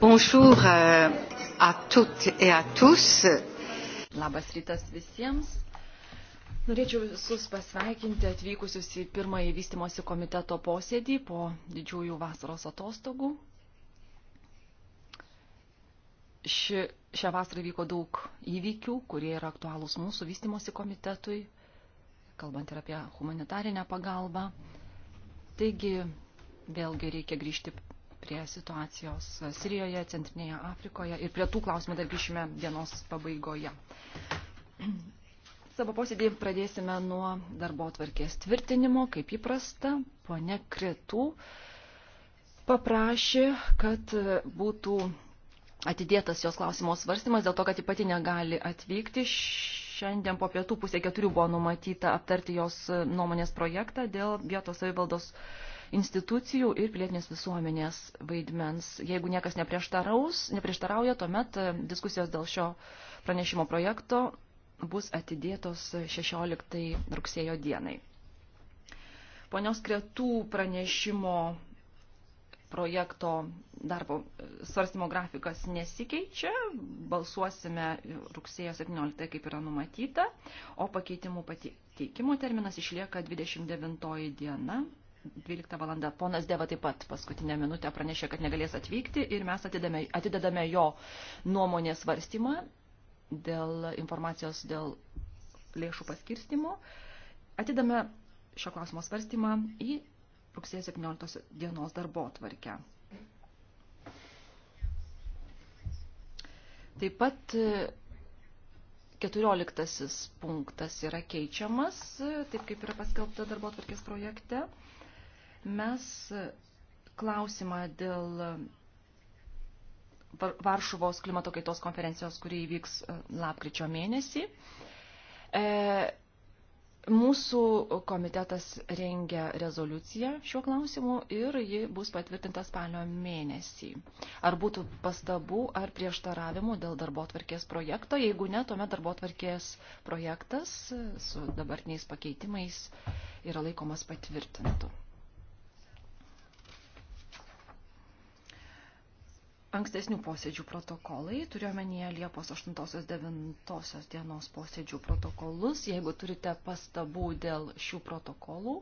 Bonjour euh, à toutes et à tous. Labas rytas visiems. Norėčiau visus pasveikinti atvykusius į pirmąjį vystimosi komiteto posėdį po didžiųjų vasaros atostogų. Ši, šią vasarą vyko daug įvykių, kurie yra aktualūs mūsų vystimosi komitetui, kalbant ir apie humanitarinę pagalbą. Taigi, vėlgi reikia grįžti prie situacijos Sirijoje, Centrinėje Afrikoje ir prie tų klausimų dar grįšime dienos pabaigoje. Savo posėdį pradėsime nuo darbo tvarkės tvirtinimo, kaip įprasta, pone Kretų paprašė, kad būtų atidėtas jos klausimo svarstymas dėl to, kad ji pati negali atvykti. Šiandien po pietų pusė keturių buvo numatyta aptarti jos nuomonės projektą dėl vietos savivaldos institucijų ir pilietinės visuomenės vaidmens. Jeigu niekas neprieštarauja, tuomet e, diskusijos dėl šio pranešimo projekto bus atidėtos 16 rugsėjo dienai. Ponios Kretų pranešimo projekto darbo e, svarstymo grafikas nesikeičia, balsuosime rugsėjo 17 kaip yra numatyta, o pakeitimų pateikimo terminas išlieka 29 diena 12 valandą. Ponas Deva taip pat paskutinę minutę pranešė, kad negalės atvykti ir mes atidame, atidedame jo nuomonės svarstymą dėl informacijos dėl lėšų paskirstimo. Atidame šio klausimo svarstymą į rugsėjo 17 dienos darbo tvarkę. Taip pat 14 e, punktas yra keičiamas, e, taip kaip yra paskelbta darbo tvarkės projekte. Mes klausimą dėl Varšuvos klimato kaitos konferencijos, kuri įvyks e, lapkričio mėnesį. E, mūsų komitetas rengia rezoliuciją šiuo klausimu ir ji bus patvirtinta spalio mėnesį. Ar būtų pastabų ar prieštaravimų dėl darbo tvarkės projekto? Jeigu ne, tuomet darbo tvarkės projektas e, su dabartiniais pakeitimais yra laikomas patvirtintu. ankstesnių posėdžių protokolai, turiuomenyje Liepos 8-9 dienos posėdžių protokolus. Jeigu turite pastabų dėl šių protokolų,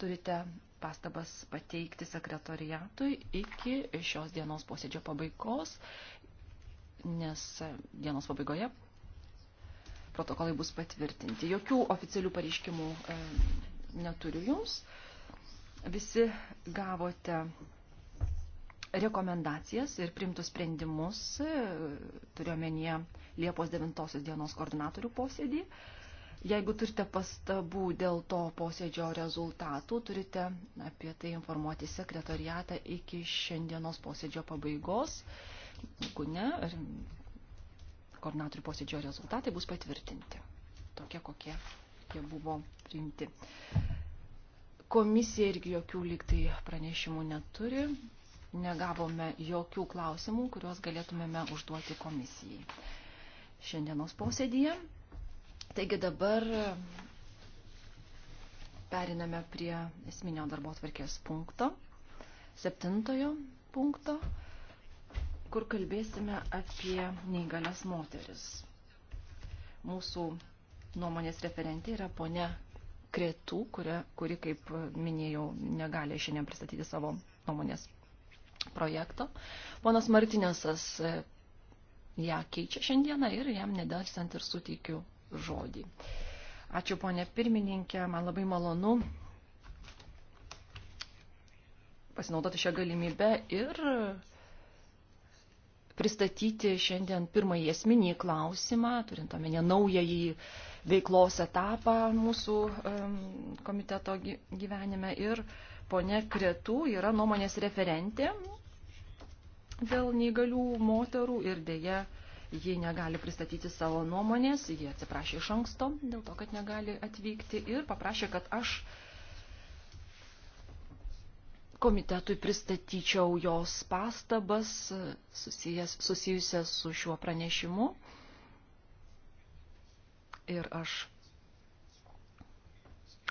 turite pastabas pateikti sekretoriatui iki šios dienos posėdžio pabaigos, nes dienos pabaigoje protokolai bus patvirtinti. Jokių oficialių pareiškimų e, neturiu jums. Visi gavote rekomendacijas ir primtus sprendimus, e, turiuomenyje Liepos 9 dienos koordinatorių posėdį. Jeigu turite pastabų dėl to posėdžio rezultatų, turite apie tai informuoti sekretoriatą iki šiandienos posėdžio pabaigos. Jeigu ne, koordinatorių posėdžio rezultatai bus patvirtinti. Tokie, kokie jie buvo priimti. Komisija irgi jokių liktai pranešimų neturi negavome jokių klausimų, kuriuos galėtumėme užduoti komisijai šiandienos posėdyje. Taigi dabar periname prie esminio darbo atvarkės punkto, septintojo punkto, kur kalbėsime apie neįgalias moteris. Mūsų nuomonės referentė yra ponia Kretų, kuri, kuri, kaip minėjau, negali šiandien pristatyti savo nuomonės projekto. Ponas Martinėsas e, ją keičia šiandieną ir jam nedelsant ir suteikiu žodį. Ačiū ponė pirmininkė, man labai malonu pasinaudoti šią galimybę ir pristatyti šiandien pirmąjį esminį klausimą, turint omenyje naująjį veiklos etapą mūsų komiteto gyvenime. Ir ponė Kretų yra nuomonės referentė dėl neįgalių moterų ir dėja ji negali pristatyti savo nuomonės, ji atsiprašė iš anksto dėl to, kad negali atvykti ir paprašė, kad aš komitetui pristatyčiau jos pastabas susijęs, susijusias su šiuo pranešimu. Ir aš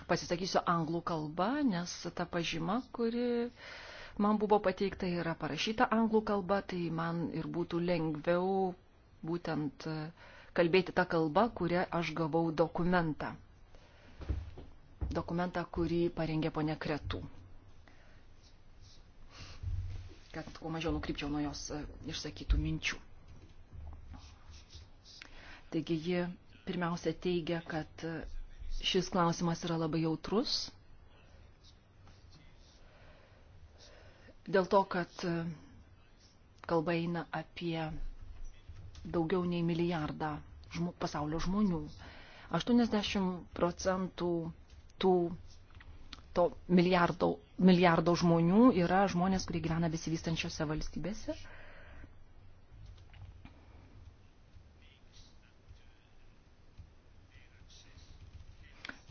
pasisakysiu anglų kalbą, nes ta pažyma, kuri uh, man buvo pateikta yra parašyta anglų kalba, tai man ir būtų lengviau būtent e, kalbėti tą kalbą, kurią aš gavau dokumentą. Dokumentą, kurį parengė ponia Kretų. Kad kuo mažiau nukrypčiau nuo jos e, išsakytų minčių. Taigi ji pirmiausia teigia, kad e, šis klausimas yra labai jautrus dėl to, kad e, kalba eina apie daugiau nei milijardą žmo, pasaulio žmonių. 80 procentų tų to milijardo, milijardo žmonių yra žmonės, kurie gyvena besivystančiose valstybėse.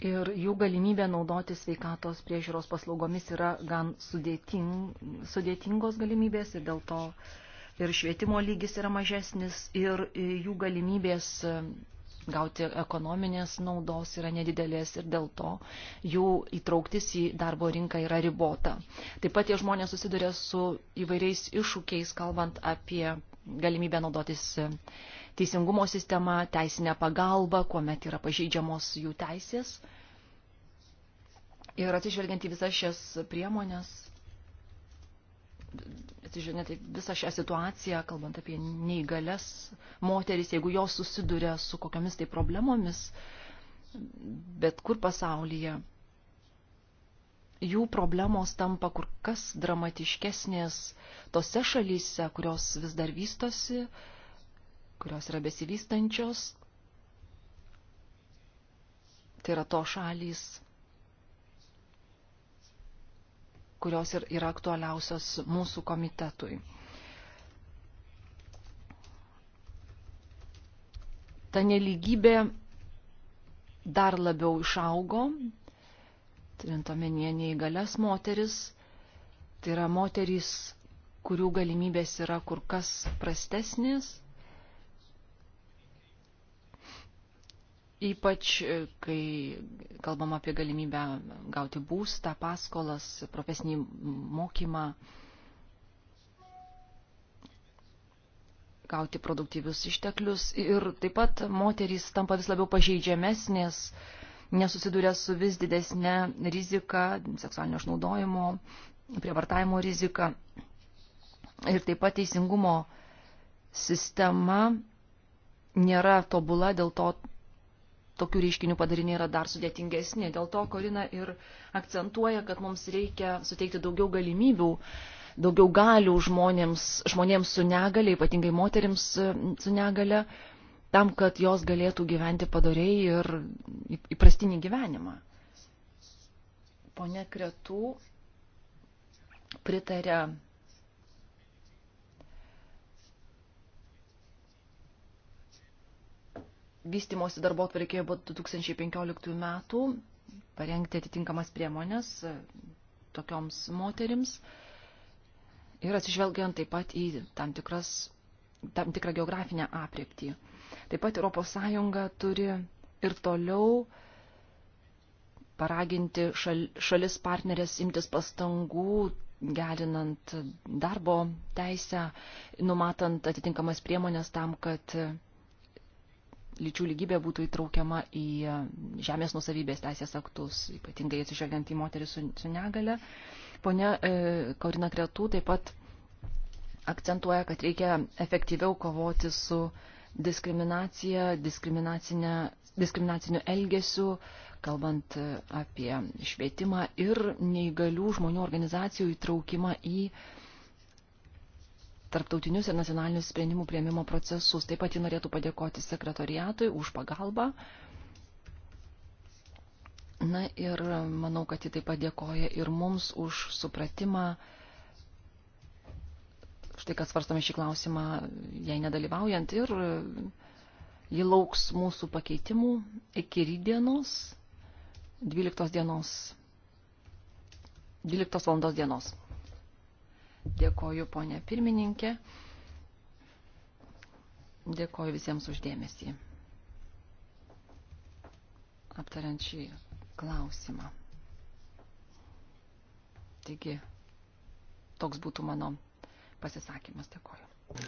ir jų galimybė naudoti sveikatos priežiūros paslaugomis yra gan sudėting, sudėtingos galimybės ir dėl to ir švietimo lygis yra mažesnis ir jų galimybės e, gauti ekonominės naudos yra nedidelės ir dėl to jų įtrauktis į darbo rinką yra ribota. Taip pat tie žmonės susiduria su įvairiais iššūkiais, kalbant apie galimybę naudotis e, teisingumo sistema, teisinė pagalba, kuomet yra pažeidžiamos jų teisės. Ir atsižvelgiant į visas šias priemonės, atsižvelgiant į visą šią situaciją, kalbant apie neįgalias moteris, jeigu jos susiduria su kokiamis tai problemomis, bet kur pasaulyje, jų problemos tampa kur kas dramatiškesnės tose šalyse, kurios vis dar vystosi, uh, kurios yra besivystančios. Tai yra to šalys, kurios ir yra aktualiausios mūsų komitetui. Ta neligybė dar labiau išaugo, turint omenyje neįgalias moteris, tai yra moterys, kurių galimybės yra kur kas prastesnės, Ypač, e, kai kalbam apie galimybę gauti būstą, paskolas, profesinį mokymą, gauti produktyvius išteklius ir taip pat moterys tampa vis labiau pažeidžiamesnės, nesusiduria su vis didesnė rizika, seksualinio išnaudojimo, prievartavimo rizika. Ir taip pat teisingumo sistema nėra tobula, dėl to tokių reiškinių padariniai yra dar sudėtingesni. Dėl to Korina ir akcentuoja, kad mums reikia suteikti daugiau galimybių, daugiau galių žmonėms, žmonėms su negale, ypatingai moterims e, su negale, tam, kad jos galėtų gyventi padoriai ir įprastinį gyvenimą. Pone Kretų pritarė vystimosi darbo atvarkėje buvo 2015 metų parengti atitinkamas priemonės e, tokioms moterims ir atsižvelgiant taip pat į tam, tikras, tam tikrą geografinę aprieptį. Taip pat ES turi ir toliau paraginti šal, šalis partnerės imtis pastangų, gerinant darbo teisę, numatant atitinkamas priemonės tam, kad lyčių lygybė būtų įtraukiama į žemės nusavybės teisės aktus, ypatingai atsižvelgiant į moterį su, su negale. Pone e, Kaurina Kretų taip pat akcentuoja, kad reikia efektyviau kovoti su diskriminacija, diskriminaciniu elgesiu, kalbant e, apie švietimą ir neįgalių žmonių organizacijų įtraukimą į e, tarptautinius ir nacionalinius sprendimų prieimimo procesus. Taip pat ji norėtų padėkoti sekretoriatui už pagalbą. Na ir manau, kad ji taip pat dėkoja ir mums už supratimą. Štai, kad svarstome šį klausimą, jai nedalyvaujant ir ji lauks mūsų pakeitimų iki rydienos, 12 dienos, 12 valandos dienos. Dėkoju, ponė pirmininkė. Dėkoju visiems uždėmesį. Aptariant šį klausimą. Taigi, toks būtų mano pasisakymas. Dėkoju.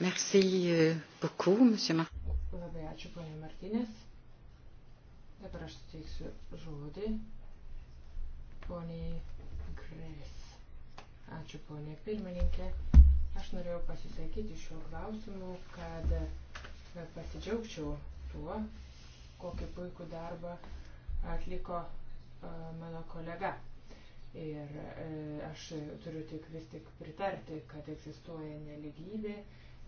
Merci euh, beaucoup, monsieur Martinės. Labai ačiū, ponė Martinės. Dabar aš suteiksiu žodį poniai Grės. Ačiū ponė pirmininkė. Aš norėjau pasisakyti šiuo klausimu, kad e, pasidžiaugčiau tuo, kokį puikų darbą atliko e, mano kolega. Ir e, aš turiu tik vis tik pritarti, kad egzistuoja neligybė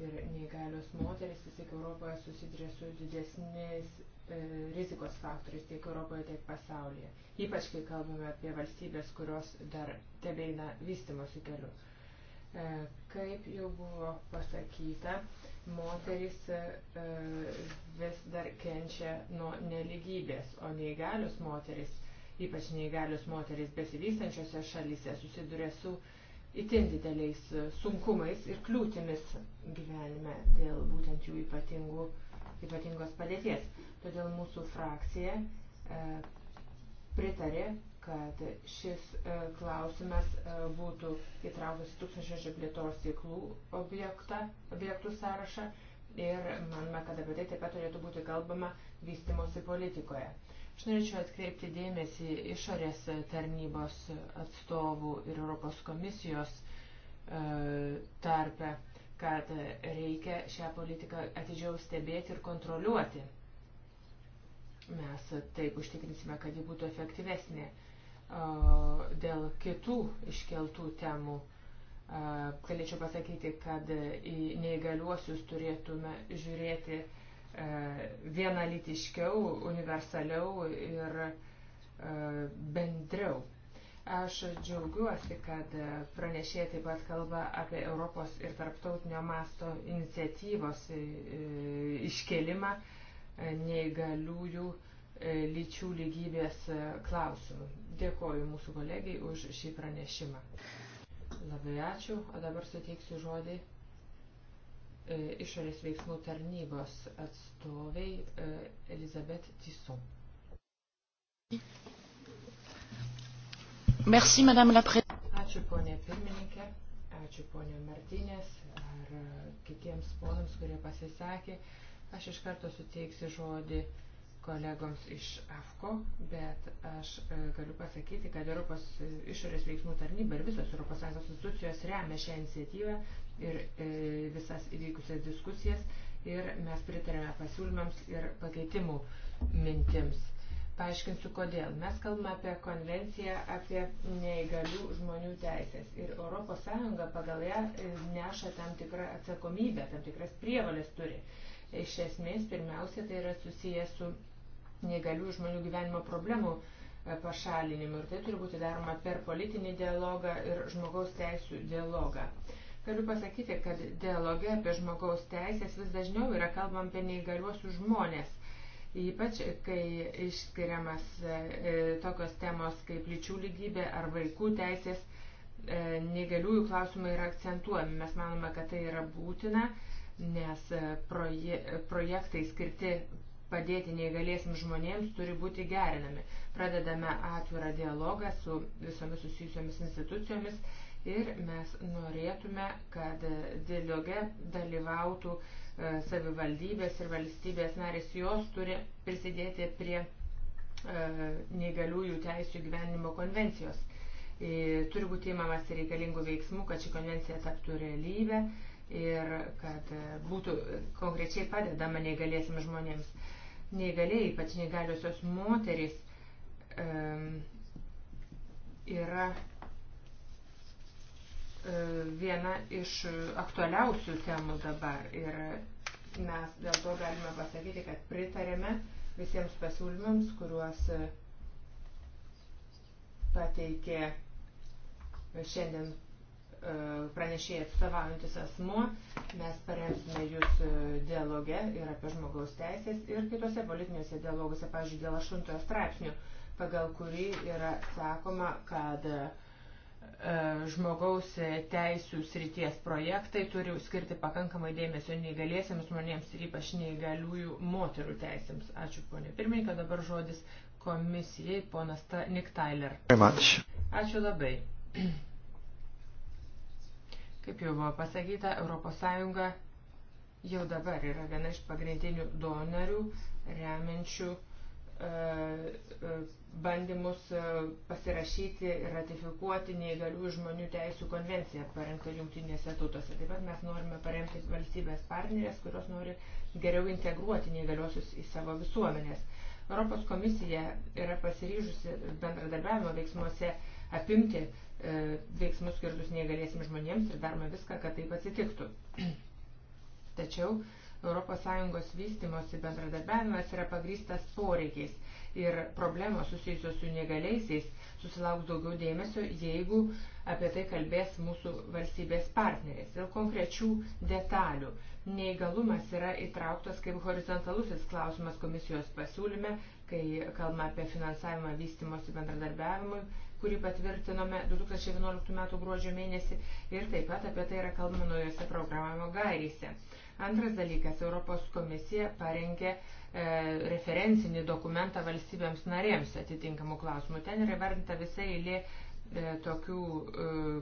ir neįgalios moteris vis tik Europoje susidrė su didesniais E, rizikos faktorius tiek Europoje, tiek pasaulyje. Ypač, kai kalbame apie valstybės, kurios dar tebeina vystimosi keliu. E, kaip jau buvo pasakyta, moteris e, vis dar kenčia nuo neligybės, o neįgalius moteris, ypač neįgalius moteris besivystančiose šalyse, susiduria su itin dideliais sunkumais ir kliūtimis gyvenime dėl būtent jų ypatingų uh, ypatingos padėties. Todėl mūsų frakcija e, pritarė, kad šis e, klausimas e, būtų įtrauktas į tūkstančio plėtros tiklų objektą, objektų sąrašą ir manome, kad apie tai taip pat turėtų būti kalbama vystimosi politikoje. Aš norėčiau atkreipti dėmesį išorės tarnybos atstovų ir Europos komisijos tarpe kad reikia šią politiką atidžiau stebėti ir kontroliuoti. Mes taip užtikrinsime, kad ji būtų efektyvesnė dėl kitų iškeltų temų. Galėčiau pasakyti, kad į neįgaliuosius turėtume žiūrėti vienalytiškiau, universaliau ir bendriau. Aš džiaugiuosi, kad pranešė taip pat kalba apie Europos ir tarptautinio masto iniciatyvos e, e, iškelimą e, neįgaliųjų lyčių lygybės klausimų. Dėkoju mūsų kolegijai už šį pranešimą. Labai ačiū, o dabar suteiksiu žodį išorės veiksmų tarnybos atstoviai Elizabet Tiso. Merci, Madame la Présidente. Ačiū, ponė pirmininkė, ačiū, ponė Martinės ar e, kitiems ponams, kurie pasisakė. Aš iš karto suteiksiu žodį kolegoms iš AFKO, bet aš e, galiu pasakyti, kad Europos e, išorės veiksmų tarnyba ir visos ES institucijos remia šią iniciatyvą ir visas įvykusias diskusijas ir mes pritarėme pasiūlymams ir pakeitimų mintims. Paaiškinsiu, kodėl. Mes kalbame apie konvenciją apie neįgalių žmonių teisės. Ir ES pagal ją e, neša tam tikrą atsakomybę, tam tikras prievalės turi. Iš esmės, pirmiausia, tai yra susijęs su neįgalių žmonių gyvenimo problemų e, pašalinimu. Ir tai turi būti daroma per politinį dialogą ir žmogaus teisų dialogą. Galiu pasakyti, kad dialoge apie žmogaus teisės vis dažniau yra kalbam apie neįgaliuosius žmonės Ypač, kai išskiriamas e, tokios temos kaip lyčių lygybė ar vaikų teisės, e, negaliųjų klausimai yra akcentuojami. Mes manome, kad tai yra būtina, nes e, proje, projektai skirti padėti neįgaliesim žmonėms turi būti gerinami. Pradedame atvirą dialogą su visomis susijusiomis institucijomis ir mes norėtume, kad dialoge dalyvautų uh, E, savivaldybės ir valstybės narės, jos turi prisidėti prie e, neįgaliųjų teisų gyvenimo konvencijos. E, turi būti įmamas reikalingų veiksmų, kad ši konvencija taptų realybę ir kad būtų konkrečiai padedama neįgaliesim žmonėms. Neįgaliai, ypač neįgaliosios moterys, yra E, viena iš aktualiausių temų dabar ir mes dėl to galime pasakyti, kad pritarėme visiems pasiūlymams, kuriuos e, pateikė šiandien e, pranešėjai atstovaujantis asmuo, mes paremsime jūs dialoge ir apie žmogaus teisės ir kitose politiniuose dialoguose, pavyzdžiui, dėl aštuntojo straipsnio, pagal kurį yra sakoma, kad uh, E, žmogaus teisų srities projektai turi skirti pakankamai dėmesio neįgaliesiams žmonėms ir ypač neįgaliųjų moterų teisėms. Ačiū ponė pirmininkė, dabar žodis komisijai ponas Ta, Nick Tyler. Ačiū labai. Kaip jau buvo pasakyta, ES jau dabar yra viena iš pagrindinių donorių remiančių uh, uh, bandymus e, pasirašyti ir ratifikuoti neįgalių žmonių teisų konvenciją parengtą jungtinėse tautose. Taip pat mes norime paremti valstybės partnerės, kurios nori geriau integruoti neįgaliosius į savo visuomenės. Europos komisija yra pasiryžusi bendradarbiavimo veiksmuose apimti e, veiksmus skirtus neįgalėsim žmonėms ir darome viską, kad taip atsitiktų. Tačiau ES vystimosi bendradarbiavimas yra pagrystas poreikiais ir problemos susijusios su negaliaisiais susilauks daugiau dėmesio, jeigu apie tai kalbės mūsų valstybės partnerės. Dėl konkrečių detalių. Neįgalumas yra įtrauktas kaip horizontalusis klausimas komisijos pasiūlyme, kai kalbame apie finansavimą vystimosi bendradarbiavimui, kurį patvirtinome 2011 m. gruodžio mėnesį ir taip pat apie tai yra kalbama naujose programavimo gairėse. Antras dalykas, Europos komisija parengė uh, E, referencinį dokumentą valstybėms narėms atitinkamų klausimų. Ten yra vardinta visa eilė e, tokių e,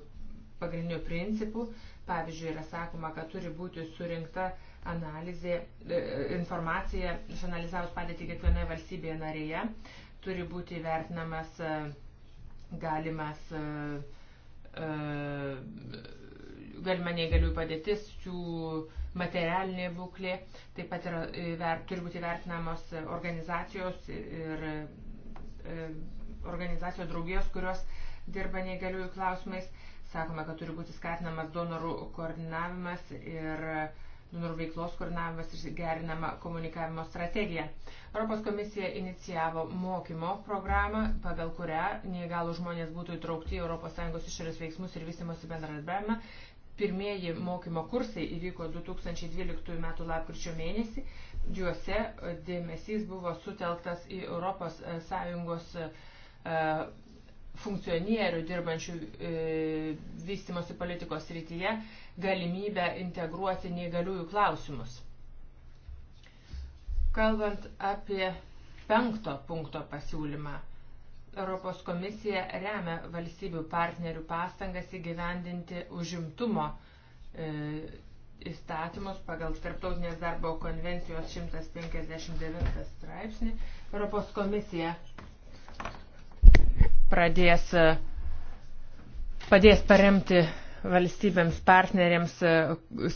pagrindinių principų. Pavyzdžiui, yra sakoma, kad turi būti surinkta analizė, informacija, išanalizavus padėtį kiekvienoje valstybėje narėje, turi būti vertinamas galimas galima neįgaliųjų padėtis, jų materialinė būklė, taip pat yra, e, ver, turi būti vertinamos organizacijos ir e, organizacijos draugijos, kurios dirba neįgaliųjų klausimais. Sakome, kad turi būti skatinamas donorų koordinavimas ir donorų veiklos koordinavimas ir gerinama komunikavimo strategija. Europos komisija inicijavo mokymo programą, pagal kurią neįgalų žmonės būtų įtraukti į ES išorės veiksmus ir vystimosi bendradarbiavimą Pirmieji mokymo kursai įvyko 2012 m. lapkričio mėnesį. Juose e, dėmesys buvo sutelktas į ES e, e, funkcionierių dirbančių vystimosi politikos rytyje galimybę integruoti neįgaliųjų klausimus. Kalbant apie penkto punkto pasiūlymą, Europos komisija remia valstybių partnerių pastangas įgyvendinti užimtumo e, įstatymus pagal Tarptautinės darbo konvencijos 159 straipsnį. Europos komisija pradės, e, padės paremti valstybėms partneriams, e,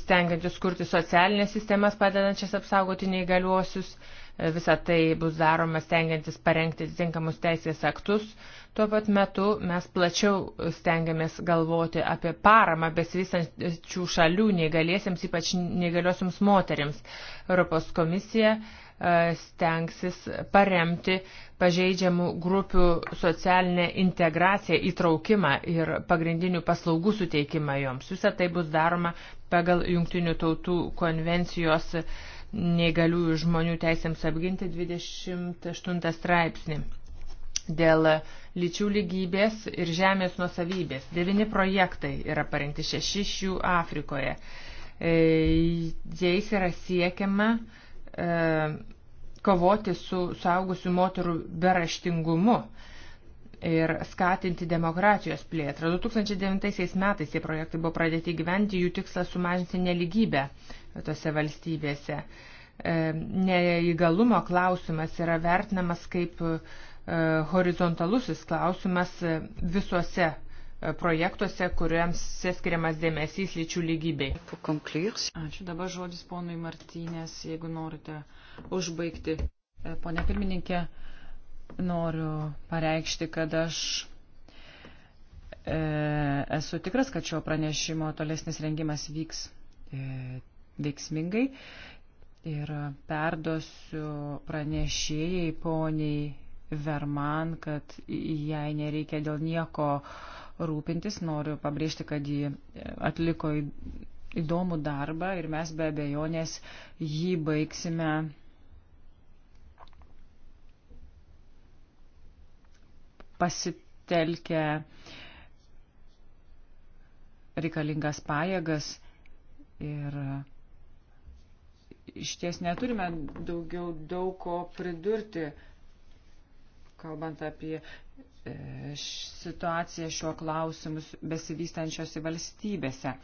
stengiantis kurti socialinės sistemas padedančias apsaugoti neįgaliuosius. E, Visą tai bus daroma stengiantis parengti atitinkamus teisės aktus. Tuo pat metu mes plačiau stengiamės galvoti apie paramą besivystančių šalių neįgaliesiems, ypač neįgaliosiams moteriams. Europos komisija e, stengsis paremti pažeidžiamų grupių socialinę integraciją, įtraukimą ir pagrindinių paslaugų suteikimą joms. Visą tai bus daroma pagal Junktinių tautų konvencijos uh, neįgaliųjų žmonių teisėms apginti 28 straipsnį dėl lyčių lygybės ir žemės nuosavybės. Devini projektai yra parengti šeši iš jų Afrikoje. E, jais yra siekiama e, kovoti su saugusių moterų beraštingumu ir skatinti demokratijos plėtrą. 2009 metais tie projektai buvo pradėti gyventi, jų tikslas sumažinti neligybę tose valstybėse. E, neįgalumo klausimas yra vertinamas kaip e, horizontalusis klausimas e, visuose projektuose, kuriems skiriamas dėmesys lyčių lygybei. Ačiū dabar žodis ponui Martynės, jeigu norite užbaigti. Pone pirmininkė, noriu pareikšti, kad aš e, esu tikras, kad šio pranešimo tolesnis rengimas vyks e, veiksmingai. Ir perdosiu pranešėjai poniai Verman, kad jai nereikia dėl nieko rūpintis. Noriu pabrėžti, kad ji atliko įdomų darbą ir mes be abejonės jį baigsime pasitelkę reikalingas pajėgas ir iš ties neturime daugiau daug ko pridurti, kalbant apie e, situaciją šiuo klausimus besivystančiose valstybėse.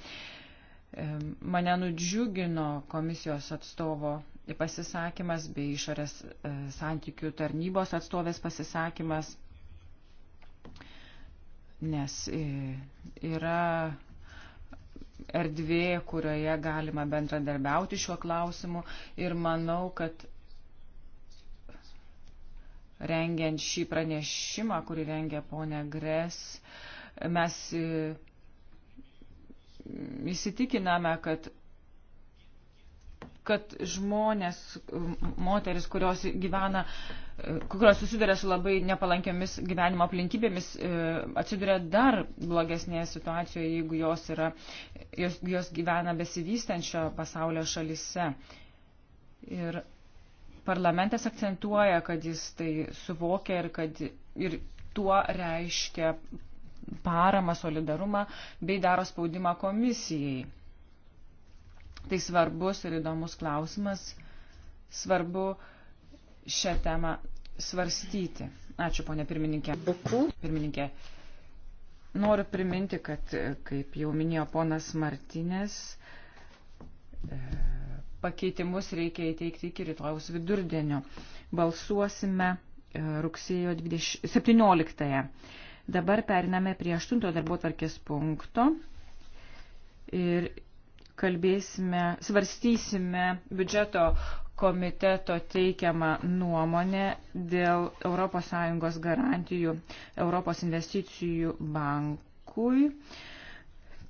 E, mane nudžiugino komisijos atstovo pasisakymas bei išorės e, santykių tarnybos atstovės pasisakymas, nes yra erdvė, kurioje galima bendradarbiauti šiuo klausimu ir manau, kad rengiant šį pranešimą, kurį rengia ponia Gres, mes e, įsitikiname, kad kad žmonės, moteris, kurios gyvena, kurios susiduria su labai nepalankiomis gyvenimo aplinkybėmis, atsiduria dar blogesnėje situacijoje, jeigu jos, yra, jos, jos gyvena besivystančio pasaulio šalise. Ir parlamentas akcentuoja, kad jis tai suvokia ir kad ir tuo reiškia paramą, solidarumą bei daro spaudimą komisijai Tai svarbus ir įdomus klausimas. Svarbu šią temą svarstyti. Ačiū, ponė pirmininkė. Pirmininkė, noriu priminti, kad, e, kaip jau minėjo ponas Martinės, e, pakeitimus reikia įteikti iki rytojaus vidurdienio. Balsuosime e, rugsėjo 20, 17. Dabar periname prie 8 darbo tvarkės punkto. Ir kalbėsime, svarstysime biudžeto komiteto teikiamą nuomonę dėl ES garantijų Europos investicijų bankui.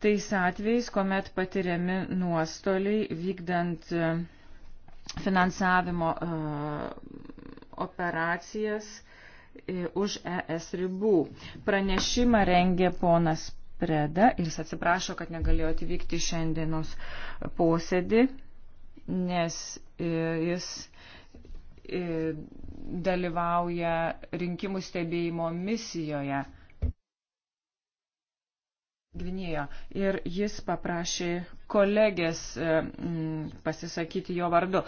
Tais atvejais, kuomet patiriami nuostoliai vykdant e, finansavimo e, operacijas e, už ES ribų. Pranešimą rengė ponas Preda ir jis atsiprašo, kad negalėjo atvykti šiandienos posėdį, nes e, jis e, dalyvauja rinkimų stebėjimo misijoje. Gvinėjo. Ir jis paprašė kolegės e, pasisakyti jo vardu.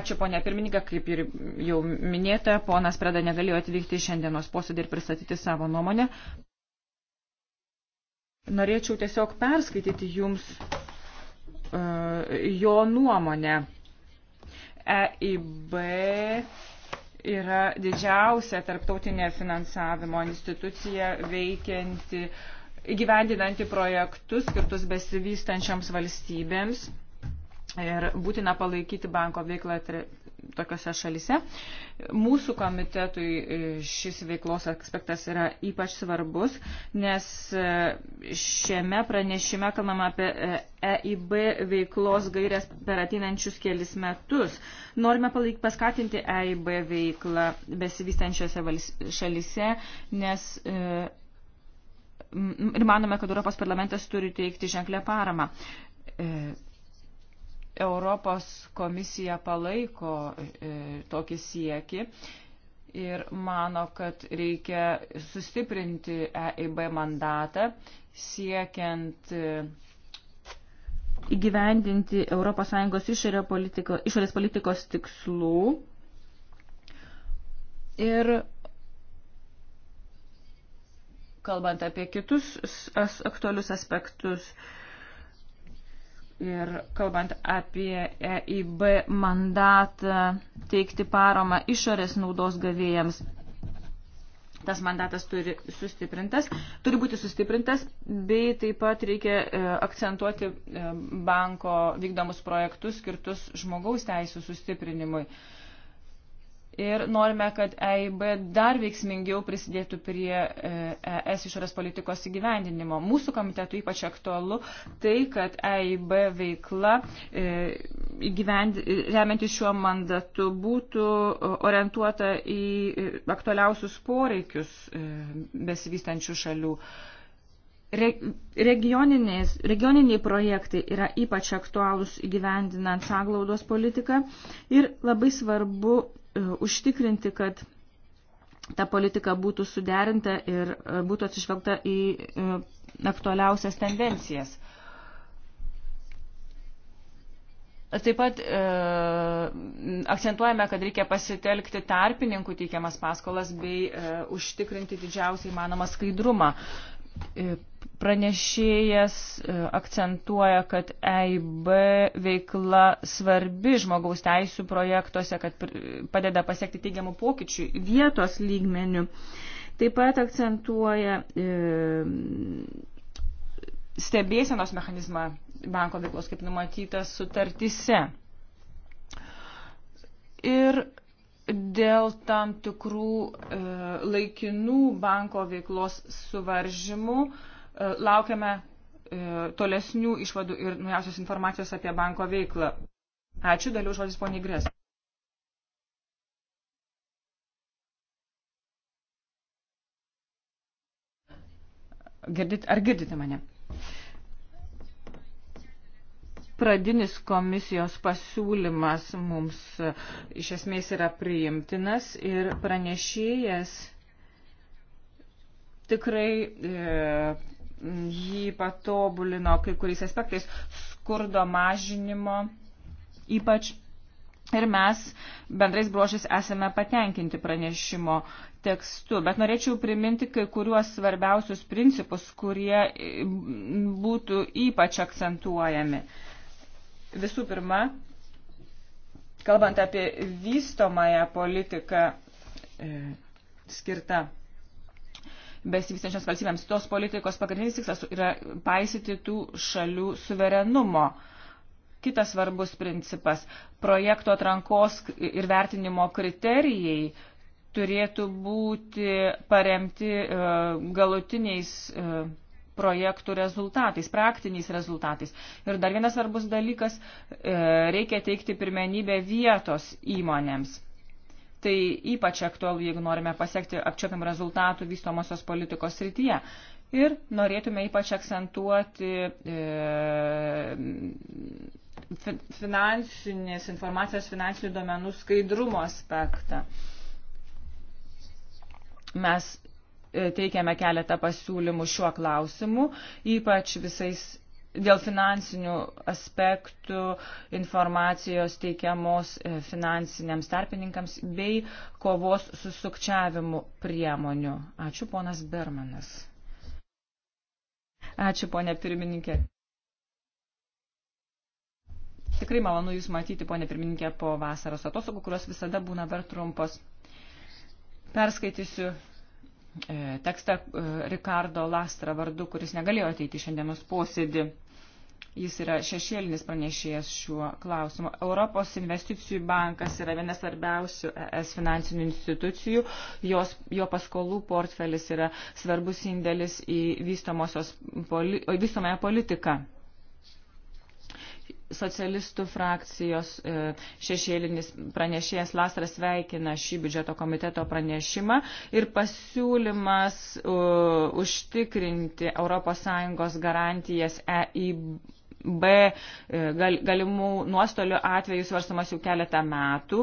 Ačiū, ponė pirmininkė, kaip ir jau minėta, ponas Preda negalėjo atvykti šiandienos posėdį ir pristatyti savo nuomonę. Norėčiau tiesiog perskaityti jums uh, jo nuomonę. EIB yra didžiausia tarptautinė finansavimo institucija veikianti, gyvendinanti projektus skirtus besivystančiams valstybėms ir būtina palaikyti banko veiklą. Tre tokiose šalise. Mūsų komitetui e, šis veiklos aspektas yra ypač svarbus, nes e, šiame pranešime kalbama apie EIB e veiklos gairias per ateinančius kelis metus. Norime palaik paskatinti EIB veiklą besivystančiose šalise, nes ir manome, kad Europos parlamentas turi teikti ženklę paramą. Europos komisija palaiko e, tokį siekį ir mano, kad reikia sustiprinti EIB mandatą siekiant e, įgyvendinti ES išorės politiko, išorės politikos tikslų ir kalbant apie kitus aktualius aspektus, Ir kalbant apie EIB mandatą teikti paramą išorės naudos gavėjams, tas mandatas turi, sustiprintas, turi būti sustiprintas, bei taip pat reikia e, akcentuoti e, banko vykdomus projektus skirtus žmogaus teisų sustiprinimui. E, ir norime, kad EIB dar veiksmingiau prisidėtų prie ES e išorės politikos įgyvendinimo. Mūsų komitetų ypač aktualu tai, kad EIB veikla e, remianti šiuo mandatu būtų orientuota į e, aktualiausius poreikius besivystančių šalių. Re, regioniniai projektai yra ypač aktualūs įgyvendinant sanglaudos politiką ir labai svarbu E, užtikrinti, kad ta politika būtų suderinta ir e, būtų atsižvelgta į e, aktualiausias tendencijas. Taip pat e, akcentuojame, kad reikia pasitelkti tarpininkų teikiamas paskolas bei e, užtikrinti didžiausiai įmanomą skaidrumą. E, pranešėjas e, akcentuoja, kad EIB veikla svarbi žmogaus teisų projektuose, kad padeda pasiekti teigiamų pokyčių vietos lygmenių. Taip pat akcentuoja e, stebėsenos mechanizmą banko veiklos, kaip numatytas sutartise. Ir dėl tam tikrų e, laikinų banko veiklos suvaržymų. E, laukiame e, tolesnių išvadų ir naujausios informacijos apie banko veiklą. Ačiū, daliau žodis poniai Grės. Girdit, ar girdite mane? pradinis komisijos pasiūlymas mums e, iš esmės yra priimtinas ir pranešėjas tikrai e, jį patobulino kai kuriais aspektais skurdo mažinimo, ypač ir mes bendrais bruožais esame patenkinti pranešimo tekstu, bet norėčiau priminti kai kuriuos svarbiausius principus, kurie būtų ypač akcentuojami. E, Visų pirma, kalbant apie vystomąją politiką e, skirtą besivystančios valstybėms, tos politikos pagrindinis tikslas yra paisyti tų šalių suverenumo. Kitas svarbus principas - projekto atrankos ir vertinimo kriterijai turėtų būti paremti e, galutiniais e, projektų rezultatais, praktiniais rezultatais. Ir dar vienas svarbus dalykas, e, reikia teikti pirmenybę vietos įmonėms. Tai ypač aktualu, jeigu norime pasiekti apčiopiam rezultatų vystomosios politikos srityje. Ir norėtume ypač akcentuoti e, finansinės informacijos, finansinių duomenų skaidrumo aspektą. Mes E, teikiame keletą pasiūlymų šiuo klausimu, ypač visais dėl finansinių aspektų informacijos teikiamos e, finansiniams tarpininkams bei kovos su sukčiavimu priemonių. Ačiū, ponas Bermanas. Ačiū, ponė pirmininkė. Tikrai malonu Jūs matyti, ponė pirmininkė, po vasaros atostogų, kurios visada būna dar trumpos. Perskaitysiu E, tekstą e, Ricardo Lastra vardu, kuris negalėjo ateiti šiandienos posėdį. Jis yra šešėlinis pranešėjas šiuo klausimu. Europos investicijų bankas yra vienas svarbiausių ES finansinių institucijų. Jos, jo paskolų portfelis yra svarbus indėlis į vystomąją poli, politiką socialistų frakcijos e, šešėlinis pranešėjas Lasras sveikina šį biudžeto komiteto pranešimą ir pasiūlymas uh, užtikrinti ES garantijas EIB e, gal, galimų nuostolių atveju svarstamas jau keletą metų.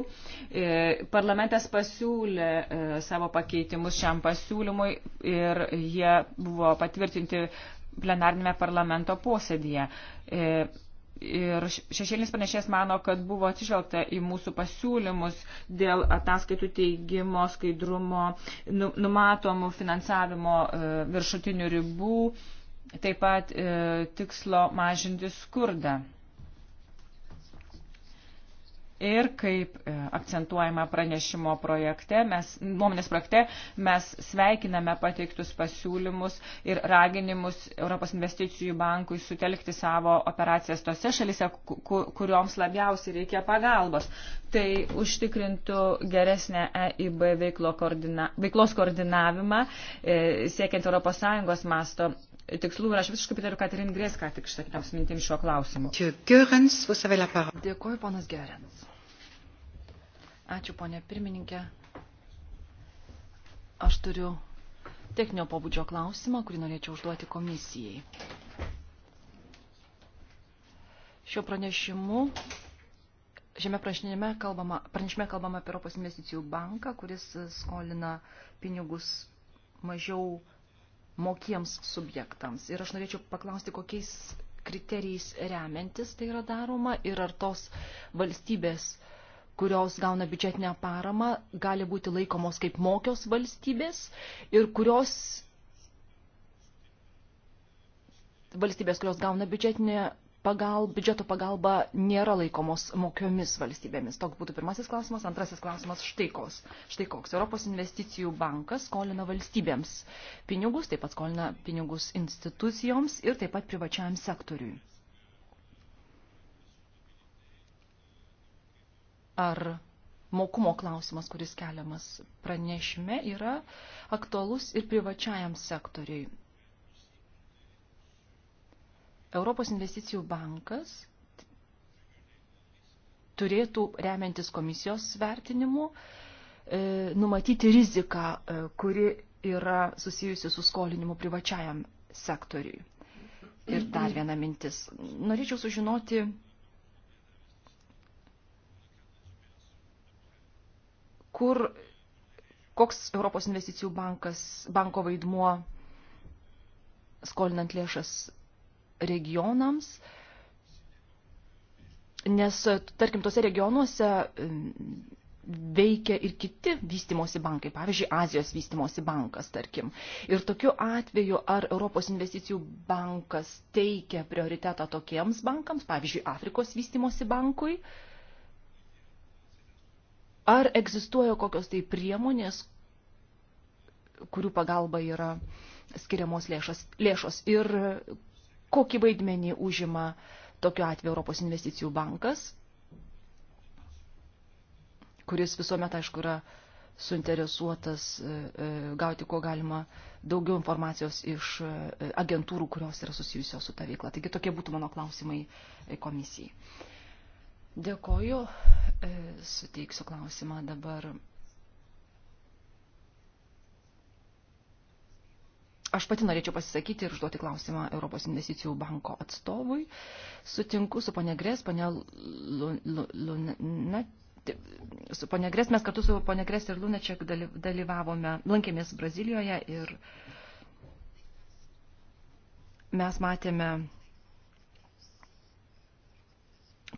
Parlamentas pasiūlė savo pakeitimus šiam pasiūlymui ir jie buvo patvirtinti plenarnėme parlamento posėdėje. Ir šešėlinis pranešėjas mano, kad buvo atsižvelgta į mūsų pasiūlymus dėl ataskaitų teigimo, skaidrumo, nu, numatomų finansavimo e, viršutinių ribų, taip pat e, tikslo mažinti skurdą. Ir kaip e, akcentuojama pranešimo projekte, mes, nuomonės projekte, mes sveikiname pateiktus pasiūlymus ir raginimus Europos investicijų bankui sutelkti savo operacijas tose šalise, kurioms labiausiai reikia pagalbos. Tai užtikrintų geresnę EIB veiklo koordina, veiklos koordinavimą, e, siekiant ES masto tikslų ir aš visiškai pritariu Katerin Grės, ką tik išsakytams mintims šiuo klausimu. Dėkuoju, ponas Gerens. Ačiū, ponė pirmininkė. Aš turiu techninio pobūdžio klausimą, kurį norėčiau užduoti komisijai. Šiuo pranešimu, šiame pranešime kalbama, pranešime kalbama apie Europos investicijų banką, kuris skolina pinigus mažiau mokiems subjektams. Ir aš norėčiau paklausti, kokiais kriterijais remiantis tai yra daroma ir ar tos valstybės, kurios gauna biudžetinę paramą, gali būti laikomos kaip mokios valstybės ir kurios valstybės, kurios gauna biudžetinę pagal, biudžeto pagalba nėra laikomos mokiomis valstybėmis. Toks būtų pirmasis klausimas. Antrasis klausimas štai koks. Štai koks. Europos investicijų bankas skolina valstybėms pinigus, taip pat skolina pinigus institucijoms ir taip pat privačiam sektoriui. Ar mokumo klausimas, kuris keliamas pranešime, yra aktualus ir privačiajam sektoriui. Europos investicijų bankas turėtų, remiantis komisijos vertinimu, e, numatyti riziką, e, kuri yra susijusi su skolinimu privačiajam sektoriui. Ir dar viena mintis. Norėčiau sužinoti, kur, koks Europos investicijų bankas, banko vaidmuo skolinant lėšas regionams, nes, tarkim, tose regionuose veikia ir kiti vystimosi bankai, pavyzdžiui, Azijos vystimosi bankas, tarkim. Ir tokiu atveju, ar Europos investicijų bankas teikia prioritetą tokiems bankams, pavyzdžiui, Afrikos vystimosi bankui, ar egzistuoja kokios tai priemonės, kurių pagalba yra skiriamos lėšas, lėšos ir kokį vaidmenį užima tokiu atveju Europos investicijų bankas, kuris visuomet, aišku, yra suinteresuotas e, e, gauti kuo galima daugiau informacijos iš e, agentūrų, kurios yra susijusios su ta veikla. Taigi tokie būtų mano klausimai komisijai. Dėkoju, suteiksiu klausimą dabar Aš pati norėčiau pasisakyti ir užduoti klausimą Europos investicijų banko atstovui. Sutinku su ponia Grės, ponia Luna. Su ponia Grės, mes kartu su ponia Grės ir Lunečiak dalyvavome, lankėmės Brazilijoje ir mes matėme,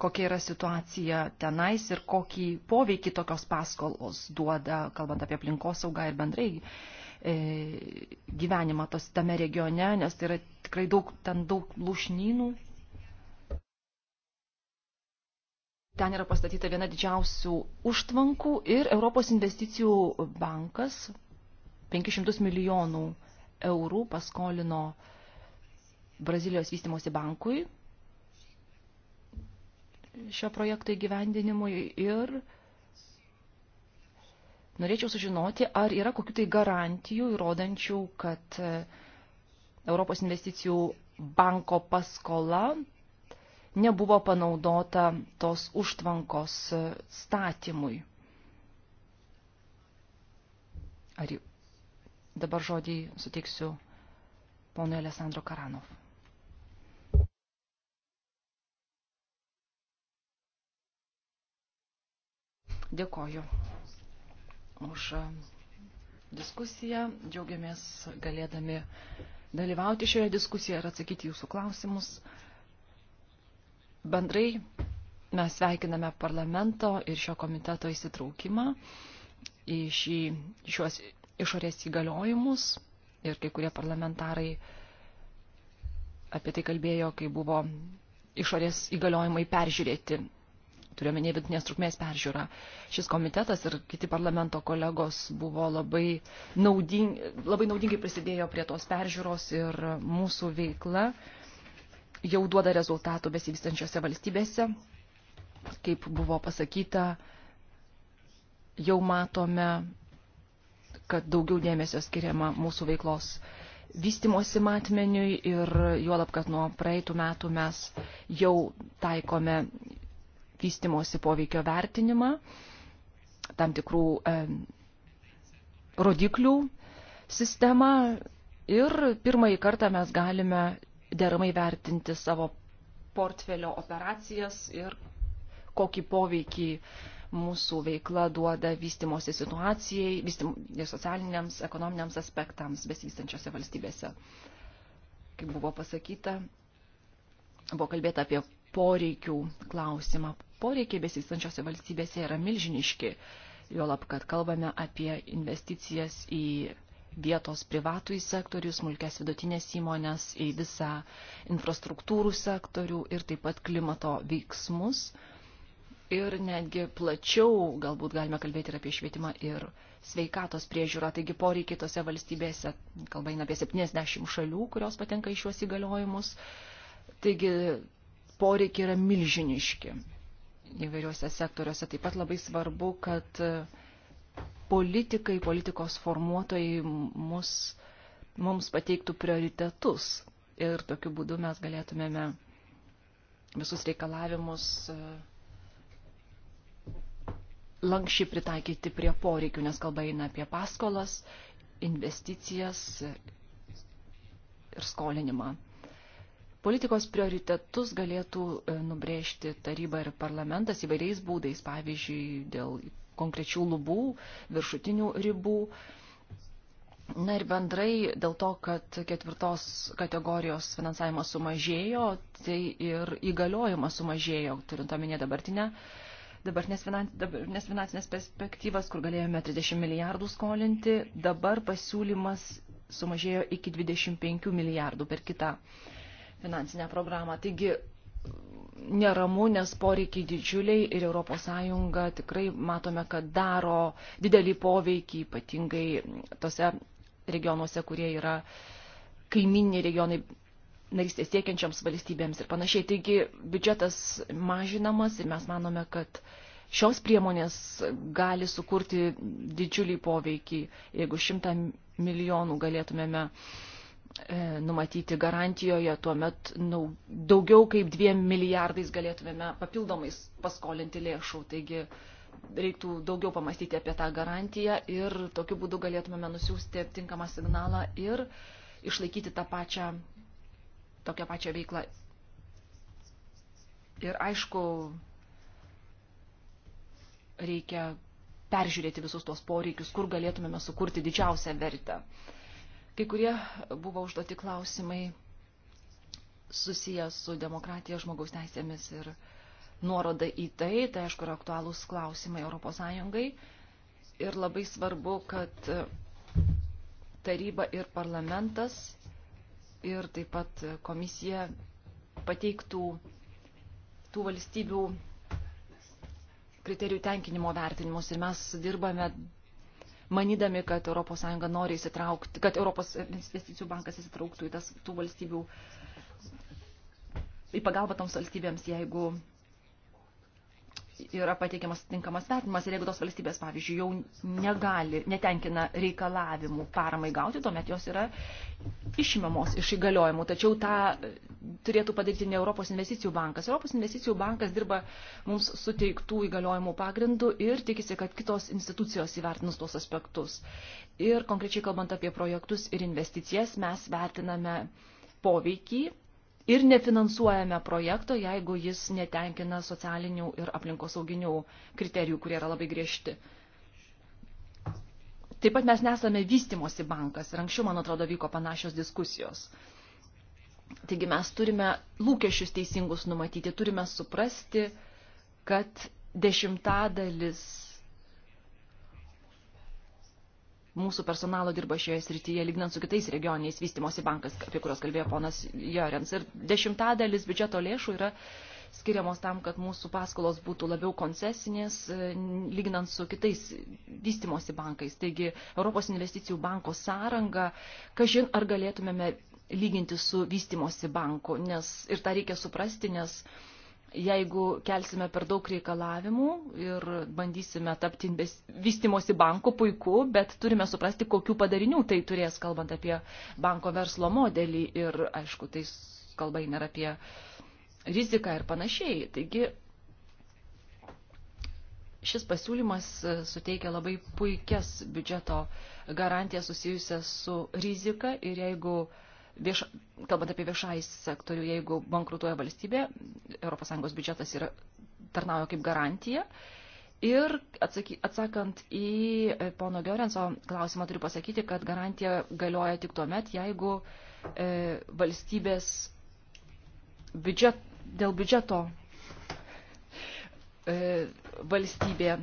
kokia yra situacija tenais ir kokį poveikį tokios paskolos duoda, kalbant apie aplinkosaugą ir bendrai E, gyvenimą tos, tame regione, nes tai yra tikrai daug, ten daug lūšnynų. Ten yra pastatyta viena didžiausių užtvankų ir Europos investicijų bankas 500 milijonų eurų paskolino Brazilijos vystimosi bankui šio projekto įgyvendinimui ir Norėčiau sužinoti, ar yra kokių tai garantijų įrodančių, kad e, Europos investicijų banko paskola nebuvo panaudota tos užtvankos e, statymui. Ar dabar žodį suteiksiu ponui Alessandro Karanov. Dėkoju, už diskusiją. Džiaugiamės galėdami dalyvauti šioje diskusijoje ir atsakyti jūsų klausimus. Bendrai mes sveikiname parlamento ir šio komiteto įsitraukimą į šį, šiuos išorės įgaliojimus ir kai kurie parlamentarai apie tai kalbėjo, kai buvo išorės įgaliojimai peržiūrėti turiuomenė vidutinės trukmės peržiūrą. Šis komitetas ir kiti parlamento kolegos buvo labai, naudin, labai naudingai prisidėjo prie tos peržiūros ir mūsų veikla jau duoda rezultatų besivystančiose valstybėse. Kaip buvo pasakyta, jau matome, kad daugiau dėmesio skiriama mūsų veiklos vystimosi matmeniui ir juolab, kad nuo praeitų metų mes jau taikome vystimosi poveikio vertinimą, tam tikrų e, rodiklių sistemą ir pirmąjį kartą mes galime deramai vertinti savo portfelio operacijas ir kokį poveikį mūsų veikla duoda vystimosi situacijai, vystim, socialiniams, ekonominiams aspektams besivystančiose valstybėse. Kaip buvo pasakyta, buvo kalbėta apie poreikių klausimą. Poreikiai besistančiose valstybėse yra milžiniški, juolab, kad kalbame apie investicijas į vietos privatų į sektorių, smulkės vidutinės įmonės, į visą infrastruktūrų sektorių ir taip pat klimato veiksmus. Ir netgi plačiau galbūt galime kalbėti ir apie švietimą ir sveikatos priežiūrą. Taigi poreikiai tose valstybėse, kalba eina apie 70 šalių, kurios patenka į šiuos įgaliojimus. Taigi poreikiai yra milžiniški įvairiuose sektoriuose. Taip pat labai svarbu, kad politikai, politikos formuotojai mus, mums pateiktų prioritetus ir tokiu būdu mes galėtumėme visus reikalavimus e, lankščiai pritaikyti prie poreikių, nes kalba eina apie paskolas, investicijas ir skolinimą politikos prioritetus galėtų e, nubrėžti taryba ir parlamentas įvairiais būdais, pavyzdžiui, dėl konkrečių lubų, viršutinių ribų. Na ir bendrai dėl to, kad ketvirtos kategorijos finansavimas sumažėjo, tai ir įgaliojimas sumažėjo, turint omenyje dabartinę dabartinės finansinės, finansinės perspektyvas, kur galėjome 30 milijardų skolinti, dabar pasiūlymas sumažėjo iki 25 milijardų per kitą finansinę programą. Taigi neramu, nes poreikiai didžiuliai ir ES tikrai matome, kad daro didelį poveikį, ypatingai tose regionuose, kurie yra kaiminiai regionai narystės siekiančiams valstybėms ir panašiai. Taigi biudžetas mažinamas ir mes manome, kad šios priemonės gali sukurti didžiulį poveikį, jeigu šimtą milijonų galėtumėme uh, E, numatyti garantijoje, tuomet nu, daugiau kaip dviem milijardais galėtumėme papildomais paskolinti lėšų. Taigi reiktų daugiau pamastyti apie tą garantiją ir tokiu būdu galėtumėme nusiųsti tinkamą signalą ir išlaikyti tą pačią, tokią pačią veiklą. Ir aišku, reikia peržiūrėti visus tos poreikius, kur galėtumėme sukurti didžiausią vertę. Uh, Kai kurie buvo užduoti klausimai susijęs su demokratija, žmogaus teisėmis ir nuoroda į tai, tai aišku yra aktualūs klausimai ES. Ir labai svarbu, kad taryba ir parlamentas ir taip pat komisija pateiktų tų valstybių kriterijų tenkinimo vertinimus. Ir mes dirbame manydami, kad ES nori įsitraukti, kad Europos investicijų bankas įsitrauktų į tas tų valstybių, į pagalbą toms valstybėms, jeigu yra pateikiamas tinkamas vertinimas ir jeigu tos valstybės, pavyzdžiui, jau negali, netenkina reikalavimų paramai gauti, tuomet jos yra išimamos iš įgaliojimų. Tačiau tą turėtų padaryti ne Europos investicijų bankas. Europos investicijų bankas dirba mums suteiktų įgaliojimų pagrindų ir tikisi, kad kitos institucijos įvertinus tuos aspektus. Ir konkrečiai kalbant apie projektus ir investicijas, mes vertiname poveikį ir nefinansuojame projekto, jeigu jis netenkina socialinių ir aplinkosauginių kriterijų, kurie yra labai griežti. Taip pat mes nesame vystimosi bankas ir anksčiau, man atrodo, vyko panašios diskusijos. Taigi mes turime lūkesčius teisingus numatyti, turime suprasti, kad dešimtadalis mūsų personalo dirba šioje srityje, lygnant su kitais regioniais vystimosi bankas, apie kuriuos kalbėjo ponas Jorens. Ir dešimtadalis biudžeto lėšų yra skiriamos tam, kad mūsų paskolos būtų labiau koncesinės, lyginant su kitais vystimosi bankais. Taigi Europos investicijų banko sąranga, kažin ar galėtumėme lyginti su vystimosi banku, nes ir tą reikia suprasti, nes uh, jeigu kelsime per daug reikalavimų ir bandysime tapti vystimosi banku, puiku, bet turime suprasti, kokių padarinių tai turės, kalbant apie banko verslo modelį ir, aišku, tai kalba eina apie riziką ir panašiai. Taigi, šis pasiūlymas e, suteikia labai puikias biudžeto garantijas susijusias su rizika ir jeigu uh, vieš, kalbant apie viešąjį sektorių, jeigu bankrutuoja valstybė, ES biudžetas yra, tarnauja kaip garantija. Ir atsaky, atsakant į pono Giorenso klausimą, turiu pasakyti, kad garantija galioja tik tuo met, jeigu e, valstybės biudžet, dėl biudžeto e, valstybė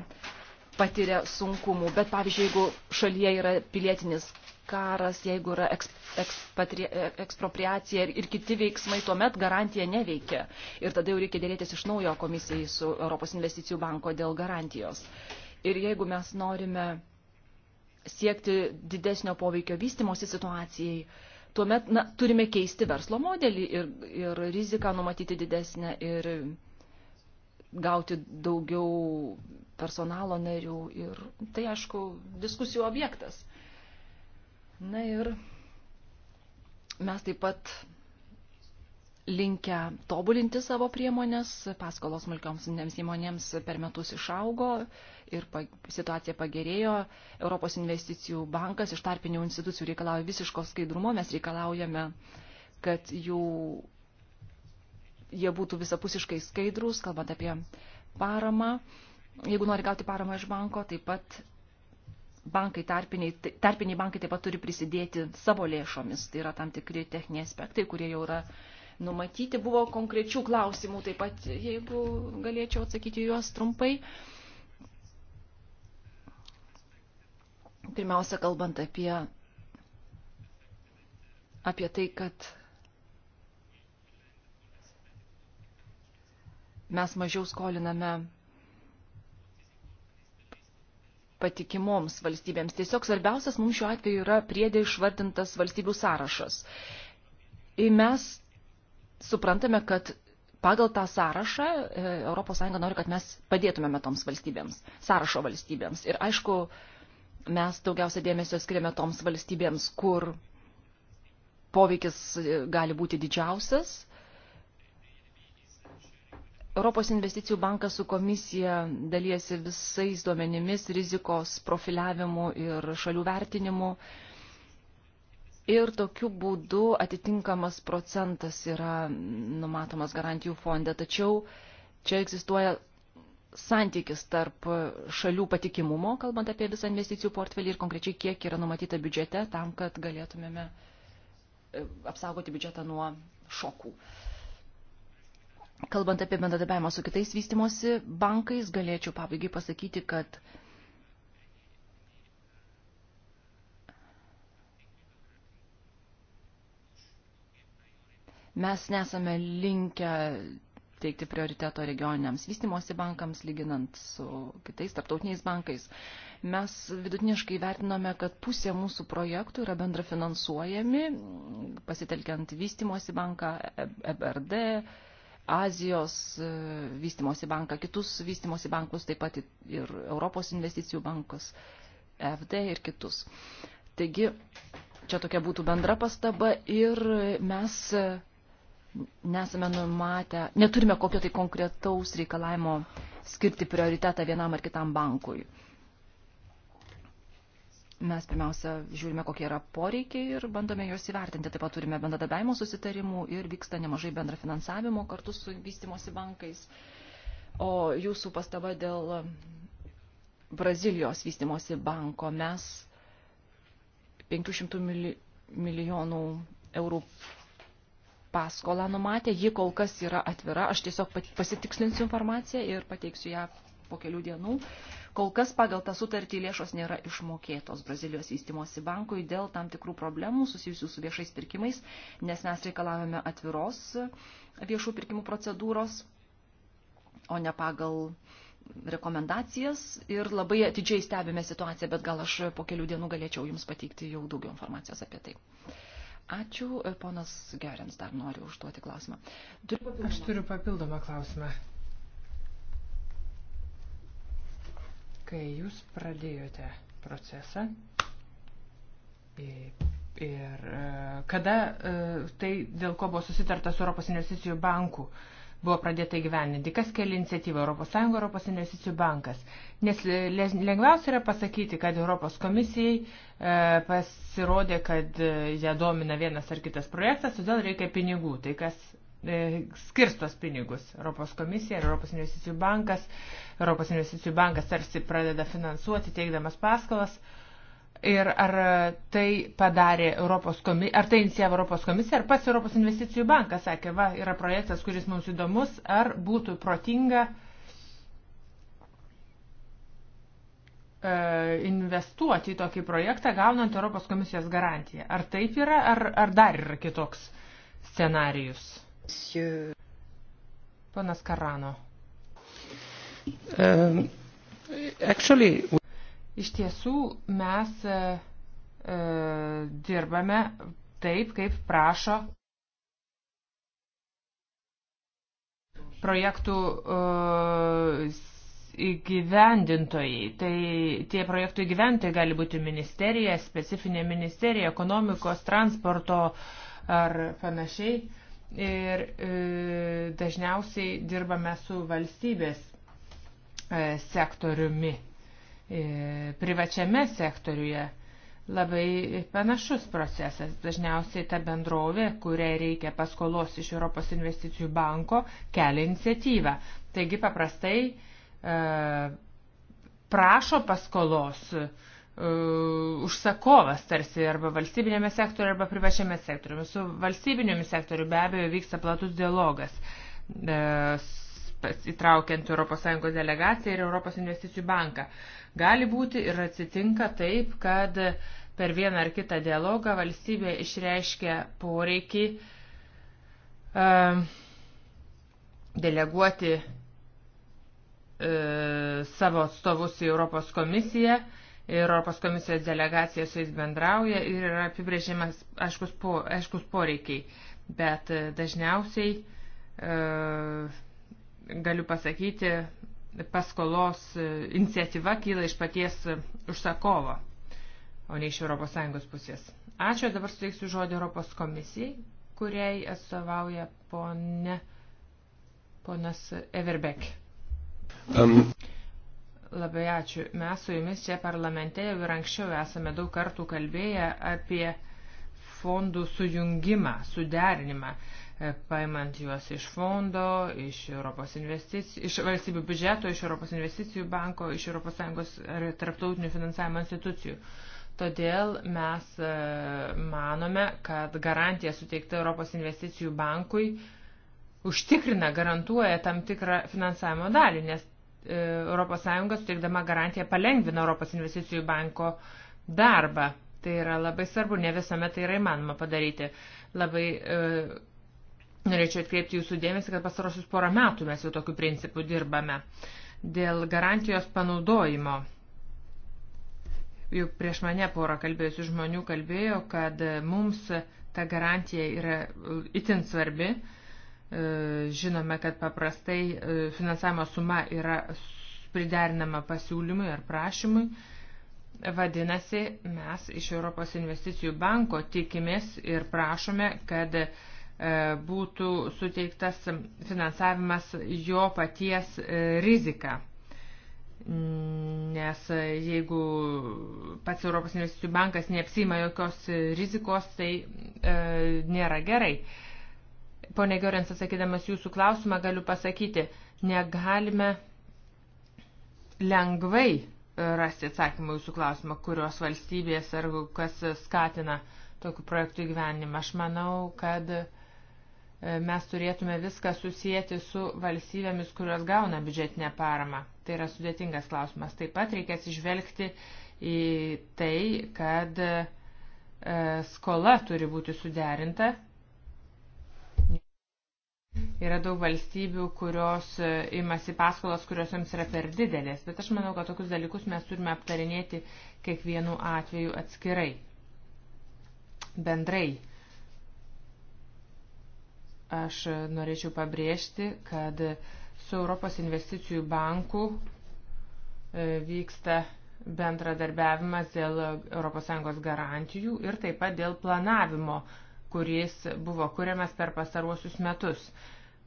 patiria sunkumų. Bet pavyzdžiui, jeigu šalyje yra pilietinis karas, jeigu yra e, ekspropriacija ir kiti veiksmai, tuomet garantija neveikia. Ir tada jau reikia dėrėtis iš naujo komisijai su Europos investicijų banko dėl garantijos. Ir jeigu mes norime siekti didesnio poveikio vystimosi situacijai, tuomet na, turime keisti verslo modelį ir, ir riziką numatyti didesnę ir gauti daugiau personalo narių ir tai, aišku, diskusijų objektas. Na ir mes taip pat linkę tobulinti savo priemonės, paskolos smulkioms įmonėms per metus išaugo ir pa, situacija pagerėjo. Europos investicijų bankas iš tarpinių institucijų reikalauja visiško skaidrumo, mes reikalaujame, kad jų jie būtų visapusiškai skaidrus, kalbant apie paramą. Jeigu nori gauti paramą iš banko, taip pat bankai, tarpiniai, tarpiniai bankai taip pat turi prisidėti savo lėšomis. Tai yra tam tikri techniniai aspektai, kurie jau yra numatyti. Buvo konkrečių klausimų, taip pat jeigu galėčiau atsakyti juos trumpai. Pirmiausia, kalbant apie, apie tai, kad mes mažiau skoliname patikimoms valstybėms. Tiesiog svarbiausias mums šiuo atveju yra priedė išvardintas valstybių sąrašas. Ir mes suprantame, kad pagal tą sąrašą ES nori, kad mes padėtumėme toms valstybėms, sąrašo valstybėms. Ir aišku, mes daugiausia dėmesio skiriame toms valstybėms, kur poveikis e, gali būti didžiausias Europos investicijų bankas su komisija dalyjasi visais duomenimis, rizikos profiliavimu ir šalių vertinimu. Ir tokiu būdu atitinkamas procentas yra numatomas garantijų fonde. Tačiau čia egzistuoja santykis tarp šalių patikimumo, kalbant apie visą investicijų portfelį ir konkrečiai kiek yra numatyta biudžete tam, kad galėtumėme e, apsaugoti biudžetą nuo šokų. Uh, Kalbant apie bendradarbiavimą su kitais vystimosi bankais, galėčiau pabaigai pasakyti, kad mes nesame linkę teikti prioriteto regioniniams vystimosi bankams, lyginant su kitais tarptautiniais bankais. Mes vidutiniškai vertiname, kad pusė mūsų projektų yra bendrafinansuojami, pasitelkiant vystimosi banką, EBRD, e Azijos e, vystimosi banką, kitus vystimosi bankus, taip pat ir Europos investicijų bankus, FD ir kitus. Taigi, čia tokia būtų bendra pastaba ir mes nesame numatę, neturime kokio tai konkretaus reikalavimo skirti prioritetą vienam ar kitam bankui. Mes pirmiausia žiūrime, kokie yra poreikiai ir bandome juos įvertinti. Taip pat turime bendradarbiavimo susitarimų ir vyksta nemažai bendrafinansavimo kartu su vystimosi bankais. O jūsų pastaba dėl Brazilijos vystimosi banko. Mes 500 milijonų eurų paskolą numatė, ji kol kas yra atvira, aš tiesiog pasitikslinsiu informaciją ir pateiksiu ją po kelių dienų. Kol kas pagal tą sutartį lėšos nėra išmokėtos Brazilijos vystimosi bankui dėl tam tikrų problemų susijusių su viešais pirkimais, nes mes reikalavome atviros viešų pirkimų procedūros, o ne pagal rekomendacijas ir labai atidžiai stebime situaciją, bet gal aš po kelių dienų galėčiau Jums pateikti jau daugiau informacijos apie tai. Ačiū, ponas Gerens, dar noriu užduoti klausimą. Turiu papildomą. aš turiu papildomą klausimą. kai jūs pradėjote procesą ir e, kada e, tai, dėl ko buvo susitarta su Europos investicijų banku, buvo pradėta įgyveninti, kas keli iniciatyvą Europos Sąjunga, Europos investicijų bankas. Nes e, lengviausia yra pasakyti, kad Europos komisijai pasirodė, kad ją domina vienas ar kitas projektas, todėl reikia pinigų. Tai kas E, skirstos pinigus. Europos komisija ir Europos investicijų bankas. Europos investicijų bankas tarsi pradeda finansuoti teikdamas paskolas. Ir ar tai padarė Europos komisija, ar tai inicijavo Europos komisija, ar pats Europos investicijų bankas sakė, va, yra projektas, kuris mums įdomus, ar būtų protinga e, investuoti į tokį projektą, gaunant Europos komisijos garantiją. Ar taip yra, ar, ar dar yra kitoks scenarijus? Panas Karano. Um, actually... Iš tiesų mes uh, uh, dirbame taip, kaip prašo projektų uh, įgyvendintojai. Tai tie projektų įgyventojai gali būti ministerija, specifinė ministerija, ekonomikos, transporto ar panašiai. Uh, ir e, dažniausiai dirbame su valstybės e, sektoriumi. E, privačiame sektoriuje labai panašus procesas. Dažniausiai ta bendrovė, kuriai reikia paskolos iš Europos investicijų banko, kelia iniciatyvą. Taigi paprastai prašo paskolos uh, Uh, užsakovas tarsi arba valstybinėme sektoriu arba privačiame sektoriu. Su valstybiniumi sektoriu be abejo vyksta platus dialogas, uh, įtraukiant ES delegaciją ir Europos investicijų banką. Gali būti ir atsitinka taip, kad per vieną ar kitą dialogą valstybė išreiškia poreikį uh, deleguoti savo atstovus į Europos komisiją ir Europos komisijos delegacija su jais bendrauja ir yra apibrėžimas aiškus, po, aiškus poreikiai. Bet e, dažniausiai e, galiu pasakyti, paskolos e, iniciatyva kyla iš paties užsakovo, o ne iš ES pusės. Ačiū, dabar suteiksiu žodį Europos komisijai, kuriai atstovauja pone, ponas Everbeck. Um. Labai ačiū. Mes su jumis čia parlamente jau ir anksčiau esame daug kartų kalbėję apie fondų sujungimą, suderinimą, e, paimant juos iš fondo, iš, Europos iš valstybių biudžeto, iš Europos investicijų banko, iš ES ir tarptautinių finansavimo institucijų. Todėl mes e, manome, kad garantija suteikta Europos investicijų bankui užtikrina, garantuoja tam tikrą finansavimo dalį, nes ES suteikdama garantiją palengvina Europos investicijų banko darbą. Tai yra labai svarbu, ne visuomet tai yra įmanoma padaryti. Labai e, norėčiau atkreipti jūsų dėmesį, kad pasarosius porą metų mes jau tokiu principu dirbame. Dėl garantijos panaudojimo. Jau prieš mane porą kalbėjusių žmonių kalbėjo, kad mums ta garantija yra itin svarbi. E, E, žinome, kad paprastai e, finansavimo suma yra priderinama pasiūlymui ar prašymui. Vadinasi, mes iš Europos investicijų banko tikimės ir prašome, kad e, būtų suteiktas finansavimas jo paties rizika. Nes jeigu pats Europos investicijų bankas neapsima jokios rizikos, tai e, nėra gerai. E, Pone Giorens, atsakydamas jūsų klausimą, galiu pasakyti, negalime lengvai rasti atsakymą jūsų klausimą, kurios valstybės ar kas skatina tokių projektų įgyvenimą. Aš manau, kad e, mes turėtume viską susijęti su valstybėmis, kurios gauna biudžetinę paramą. Tai yra sudėtingas klausimas. Taip pat reikia atsižvelgti į tai, kad e, skola turi būti suderinta Yra daug valstybių, kurios e, imasi paskolas, kurios jums yra per didelės, bet aš manau, kad tokius dalykus mes turime aptarinėti kiekvienu atveju atskirai, bendrai. Aš e, norėčiau pabrėžti, kad su Europos investicijų banku e, vyksta bendradarbiavimas dėl ES garantijų ir taip pat dėl planavimo, kuris buvo kuriamas per pastaruosius metus.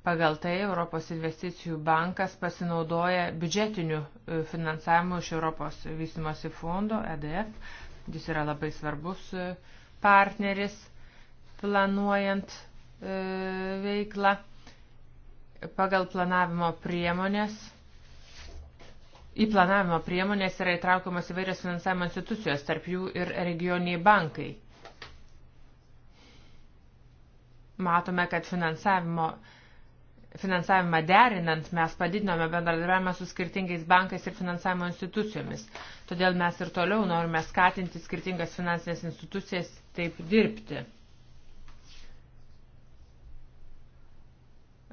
Pagal tai Europos investicijų bankas pasinaudoja biudžetiniu e, finansavimu iš Europos vystimosi fondo EDF. Jis yra labai svarbus e, partneris planuojant e, veiklą. Pagal planavimo priemonės. Į planavimo priemonės yra įtraukiamas įvairios finansavimo institucijos, tarp jų ir regioniai bankai. Matome, kad finansavimo uh, finansavimą derinant, mes padidinome bendradarbiavimą su skirtingais bankais ir finansavimo institucijomis. Todėl mes ir toliau norime skatinti skirtingas finansinės institucijas taip dirbti.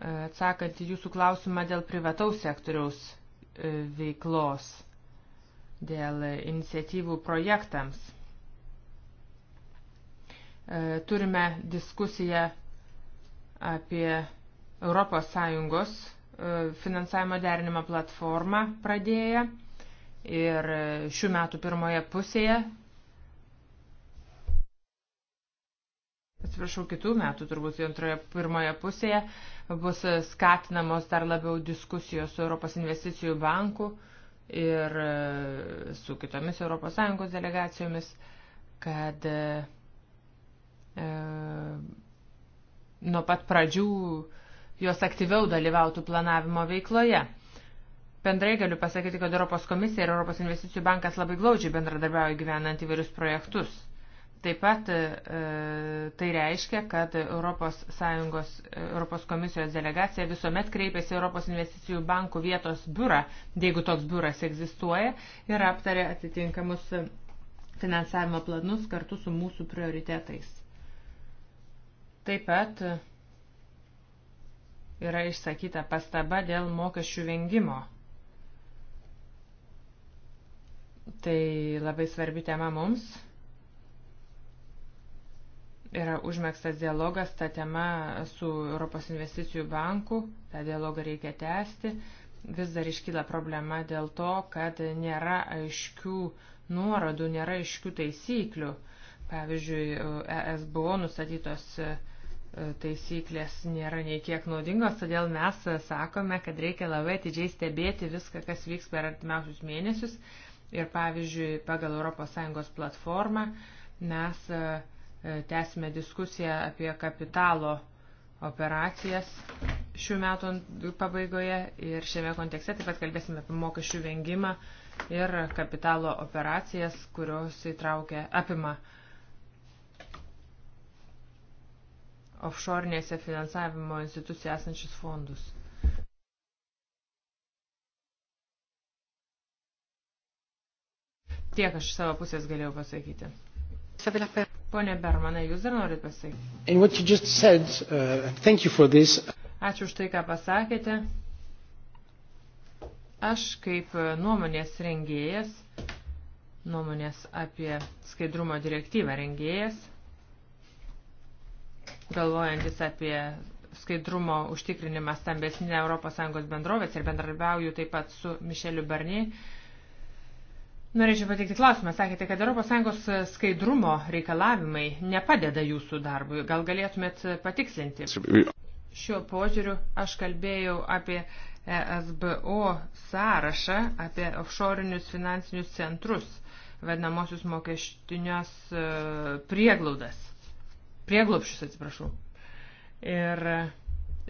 Atsakant į jūsų klausimą dėl privataus sektoriaus e, veiklos, dėl iniciatyvų projektams. E, turime diskusiją apie ES e, finansavimo derinimo platformą pradėję ir e, šių metų pirmoje pusėje, atsiprašau, kitų metų turbūt antroje pirmoje pusėje bus skatinamos dar labiau diskusijos su Europos investicijų banku ir e, su kitomis ES delegacijomis, kad e, nuo pat pradžių e, jos aktyviau dalyvautų planavimo veikloje. Bendrai galiu pasakyti, kad Europos komisija ir Europos investicijų bankas labai glaudžiai bendradarbiauja gyvenant įvairius projektus. Taip pat e, tai reiškia, kad Europos, Sąjungos, Europos komisijos delegacija visuomet kreipiasi Europos investicijų bankų vietos biurą, jeigu toks biuras egzistuoja, ir aptarė atitinkamus finansavimo planus kartu su mūsų prioritetais. Taip pat yra išsakyta pastaba dėl mokesčių vengimo. Tai labai svarbi tema mums. Yra užmėgstas dialogas tą temą su Europos investicijų banku. Ta dialogą reikia tęsti. Vis dar iškyla problema dėl to, kad nėra aiškių nuorodų, nėra aiškių taisyklių. Pavyzdžiui, ES buvo nustatytos uh, taisyklės nėra nei kiek naudingos, todėl mes sakome, kad reikia labai atidžiai stebėti viską, kas vyks per artimiausius mėnesius. Ir pavyzdžiui, pagal ES platformą mes e, e, tęsime diskusiją apie kapitalo operacijas šių metų pabaigoje ir šiame kontekste taip pat kalbėsime apie mokesčių vengimą ir kapitalo operacijas, kurios įtraukia apima uh, offshore'nėse finansavimo institucijų esančius fondus. Tiek aš iš savo pusės galėjau pasakyti. Pone Bermanai, jūs dar norit pasakyti? Said, uh, Ačiū už tai, ką pasakėte. Aš kaip uh, nuomonės rengėjas, nuomonės apie skaidrumo direktyvą rengėjas, galvojantis apie skaidrumo užtikrinimą stambesnė ES bendrovės ir bendradarbiauju taip pat su Mišeliu Barnier. Norėčiau pateikti klausimą. Sakėte, kad ES skaidrumo reikalavimai nepadeda jūsų darbui. Gal galėtumėt patikslinti? Šiuo požiūriu aš kalbėjau apie ESBO sąrašą, apie offshore'inius finansinius centrus, vadinamosius mokestinios e, prieglaudas prieglopšius, atsiprašau. Ir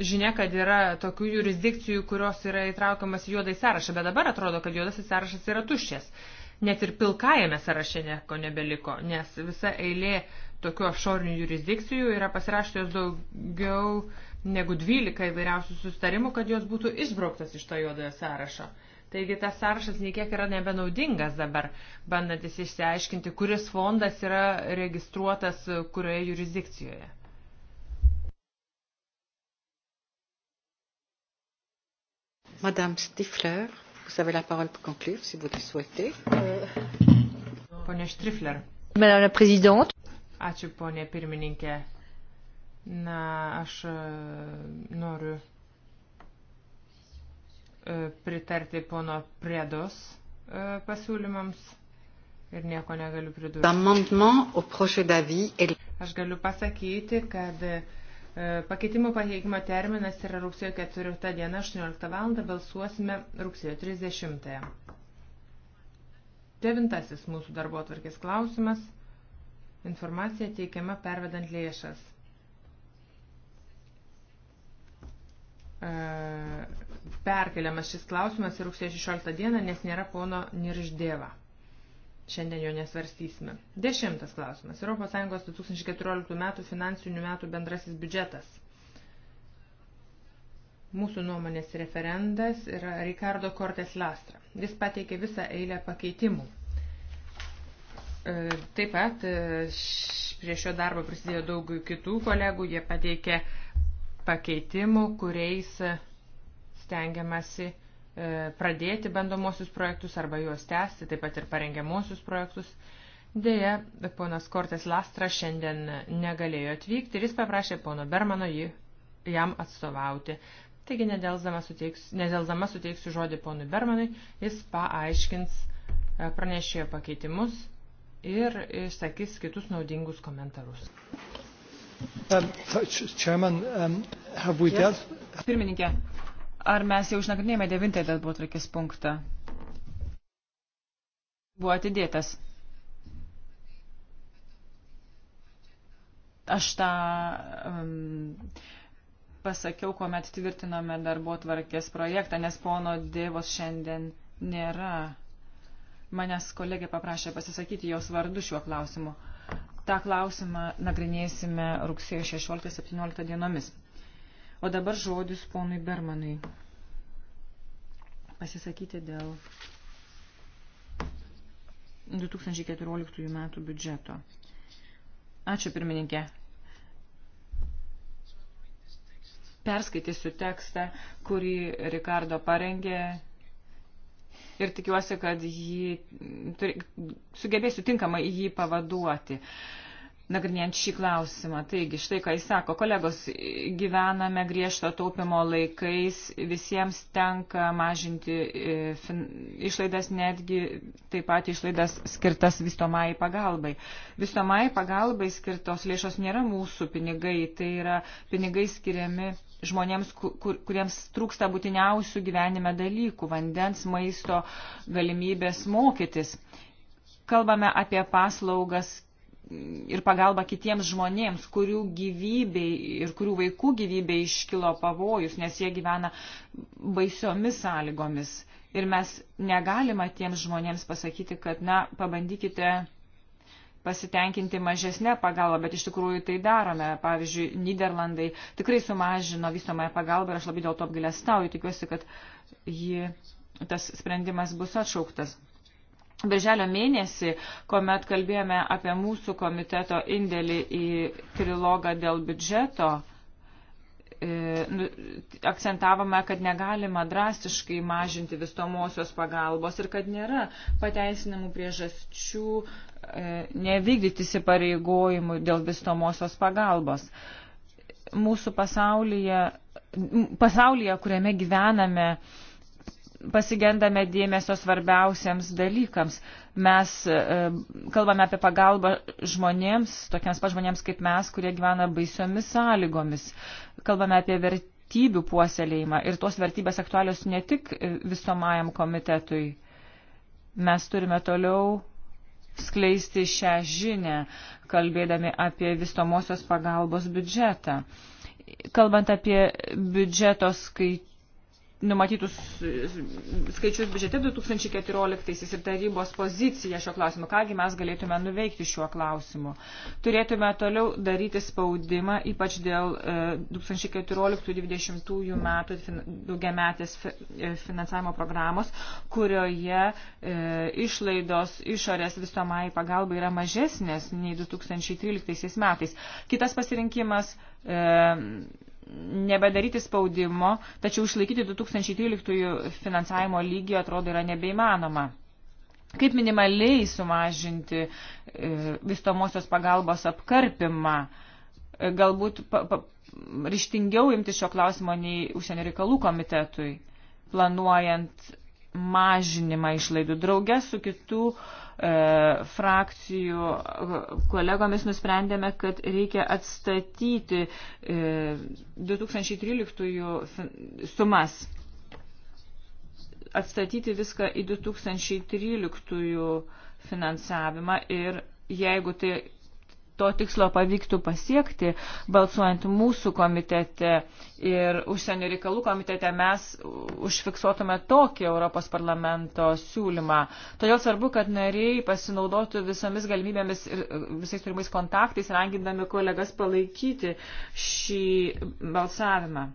žinia, kad yra tokių jurisdikcijų, kurios yra įtraukiamas į juodai sąrašą, bet dabar atrodo, kad juodasis sąrašas yra tuščias. Net ir pilkajame sąraše nieko nebeliko, nes visa eilė tokių offshore jurisdikcijų yra pasirašytos daugiau negu 12 įvairiausių sustarimų, kad jos būtų išbrauktas iš to juodojo sąrašo. Taigi tas sąrašas niekiek yra nebenaudingas dabar, bandantis išsiaiškinti, kuris fondas yra registruotas e, kurioje jurisdikcijoje. Madame Stifler, vous avez la parole pour conclure, si vous le souhaitez. Pone Štrifler. Madame la Présidente. Ačiū, ponė pirmininkė. Na, aš e, noriu E, pritarti pono Predos e, pasiūlymams ir nieko negaliu pridurti. Aš galiu pasakyti, kad e, pakeitimų pateikimo terminas yra rugsėjo 4 diena, 18 val. balsuosime rugsėjo 30. Devintasis mūsų darbo atvarkės klausimas. Informacija teikiama pervedant lėšas. E perkeliamas šis klausimas ir rugsėjo 16 dieną, nes nėra pono Nirždėva. Šiandien jo nesvarstysime. Dešimtas klausimas. ES 2014 metų finansinių metų bendrasis biudžetas. Mūsų nuomonės referendas yra Ricardo Cortes Lastra. Jis pateikė visą eilę pakeitimų. E, taip pat e, prie šio darbo prisidėjo daug kitų kolegų. Jie pateikė pakeitimų, kuriais stengiamasi e, pradėti bandomosius projektus arba juos tęsti, taip pat ir parengiamosius projektus. Deja, ponas Kortes Lastra šiandien negalėjo atvykti ir jis paprašė pono Bermano jį, jam atstovauti. Taigi, nedelsdama suteiksiu, nedelsdama suteiksiu žodį ponui Bermanui, jis paaiškins e, pranešėjo pakeitimus ir išsakys kitus naudingus komentarus. Um, chairman, um, yes. Pirmininkė, Ar mes jau išnagrinėjome devintąjį darbotvarkės punktą? Buvo atidėtas. Aš tą um, pasakiau, kuomet tvirtinome darbotvarkės projektą, nes pono dėvos šiandien nėra. Manęs kolegė paprašė pasisakyti jos vardu šiuo klausimu. Ta klausimą nagrinėsime rugsėjo 16-17 dienomis. O dabar žodis ponui Bermanui. Pasisakyti dėl 2014 metų biudžeto. Ačiū pirmininkė. Perskaitysiu tekstą, kurį Rikardo parengė ir tikiuosi, kad jį sugebėsiu tinkamai jį pavaduoti. Uh, nagrinėjant šį klausimą. Taigi, štai ką jis sako, kolegos, gyvename griežto taupimo laikais, visiems tenka mažinti e, išlaidas, netgi taip pat išlaidas skirtas vystomai pagalbai. Vystomai pagalbai skirtos lėšos nėra mūsų pinigai, tai yra pinigai skiriami žmonėms, kur, kuriems trūksta būtiniausių gyvenime dalykų - vandens, maisto, galimybės mokytis kalbame apie paslaugas ir pagalba kitiems žmonėms, kurių gyvybei ir kurių vaikų gyvybei iškilo pavojus, nes jie gyvena baisiomis sąlygomis. Ir mes negalima tiems žmonėms pasakyti, kad, na, pabandykite pasitenkinti mažesnę pagalbą, bet iš tikrųjų tai darome. Pavyzdžiui, Niderlandai tikrai sumažino vystomąją pagalbą ir aš labai dėl to apgailestauju, tikiuosi, kad ji, tas sprendimas bus atšauktas. Birželio mėnesį, kuomet kalbėjome apie mūsų komiteto indėlį į trilogą dėl biudžeto, e, nu, akcentavome, kad negalima drastiškai mažinti vystomosios pagalbos ir kad nėra pateisinamų priežasčių e, nevykdyti įsipareigojimų dėl vystomosios pagalbos. Mūsų pasaulyje, pasaulyje kuriame gyvename, pasigendame dėmesio svarbiausiams dalykams. Mes e, kalbame apie pagalbą žmonėms, tokiems pat žmonėms kaip mes, kurie gyvena baisiomis sąlygomis. Kalbame apie vertybių puoselėjimą ir tos vertybės aktualios ne tik visomajam komitetui. Mes turime toliau skleisti šią žinę, kalbėdami apie visomosios pagalbos biudžetą. Kalbant apie biudžeto skaitų, numatytus e, skaičius biudžete 2014 ir tarybos poziciją šio klausimu, kągi mes galėtume nuveikti šiuo klausimu. Turėtume toliau daryti spaudimą, ypač dėl 2014-2020 e, metų daugiametės e, finansavimo programos, kurioje išlaidos išorės visomai pagalba yra mažesnės nei 2013 metais. Kitas pasirinkimas nebedaryti spaudimo, tačiau išlaikyti 2013 finansavimo lygį atrodo yra nebeįmanoma. Kaip minimaliai sumažinti e, vystomosios pagalbos apkarpimą, e, galbūt pa, pa, ryštingiau imti šio klausimo nei užsienio reikalų komitetui, planuojant mažinimą išlaidų draugę su kitų uh, E, frakcijų kolegomis nusprendėme, kad reikia atstatyti 2013 e, sumas. Atstatyti viską į 2013 finansavimą ir jeigu tai to tikslo pavyktų pasiekti, balsuojant mūsų komitete ir užsienio reikalų komitete, mes užfiksuotume tokį Europos parlamento siūlymą. Todėl svarbu, kad nariai pasinaudotų visomis galimybėmis ir visais turimais kontaktais, rangindami kolegas palaikyti šį balsavimą.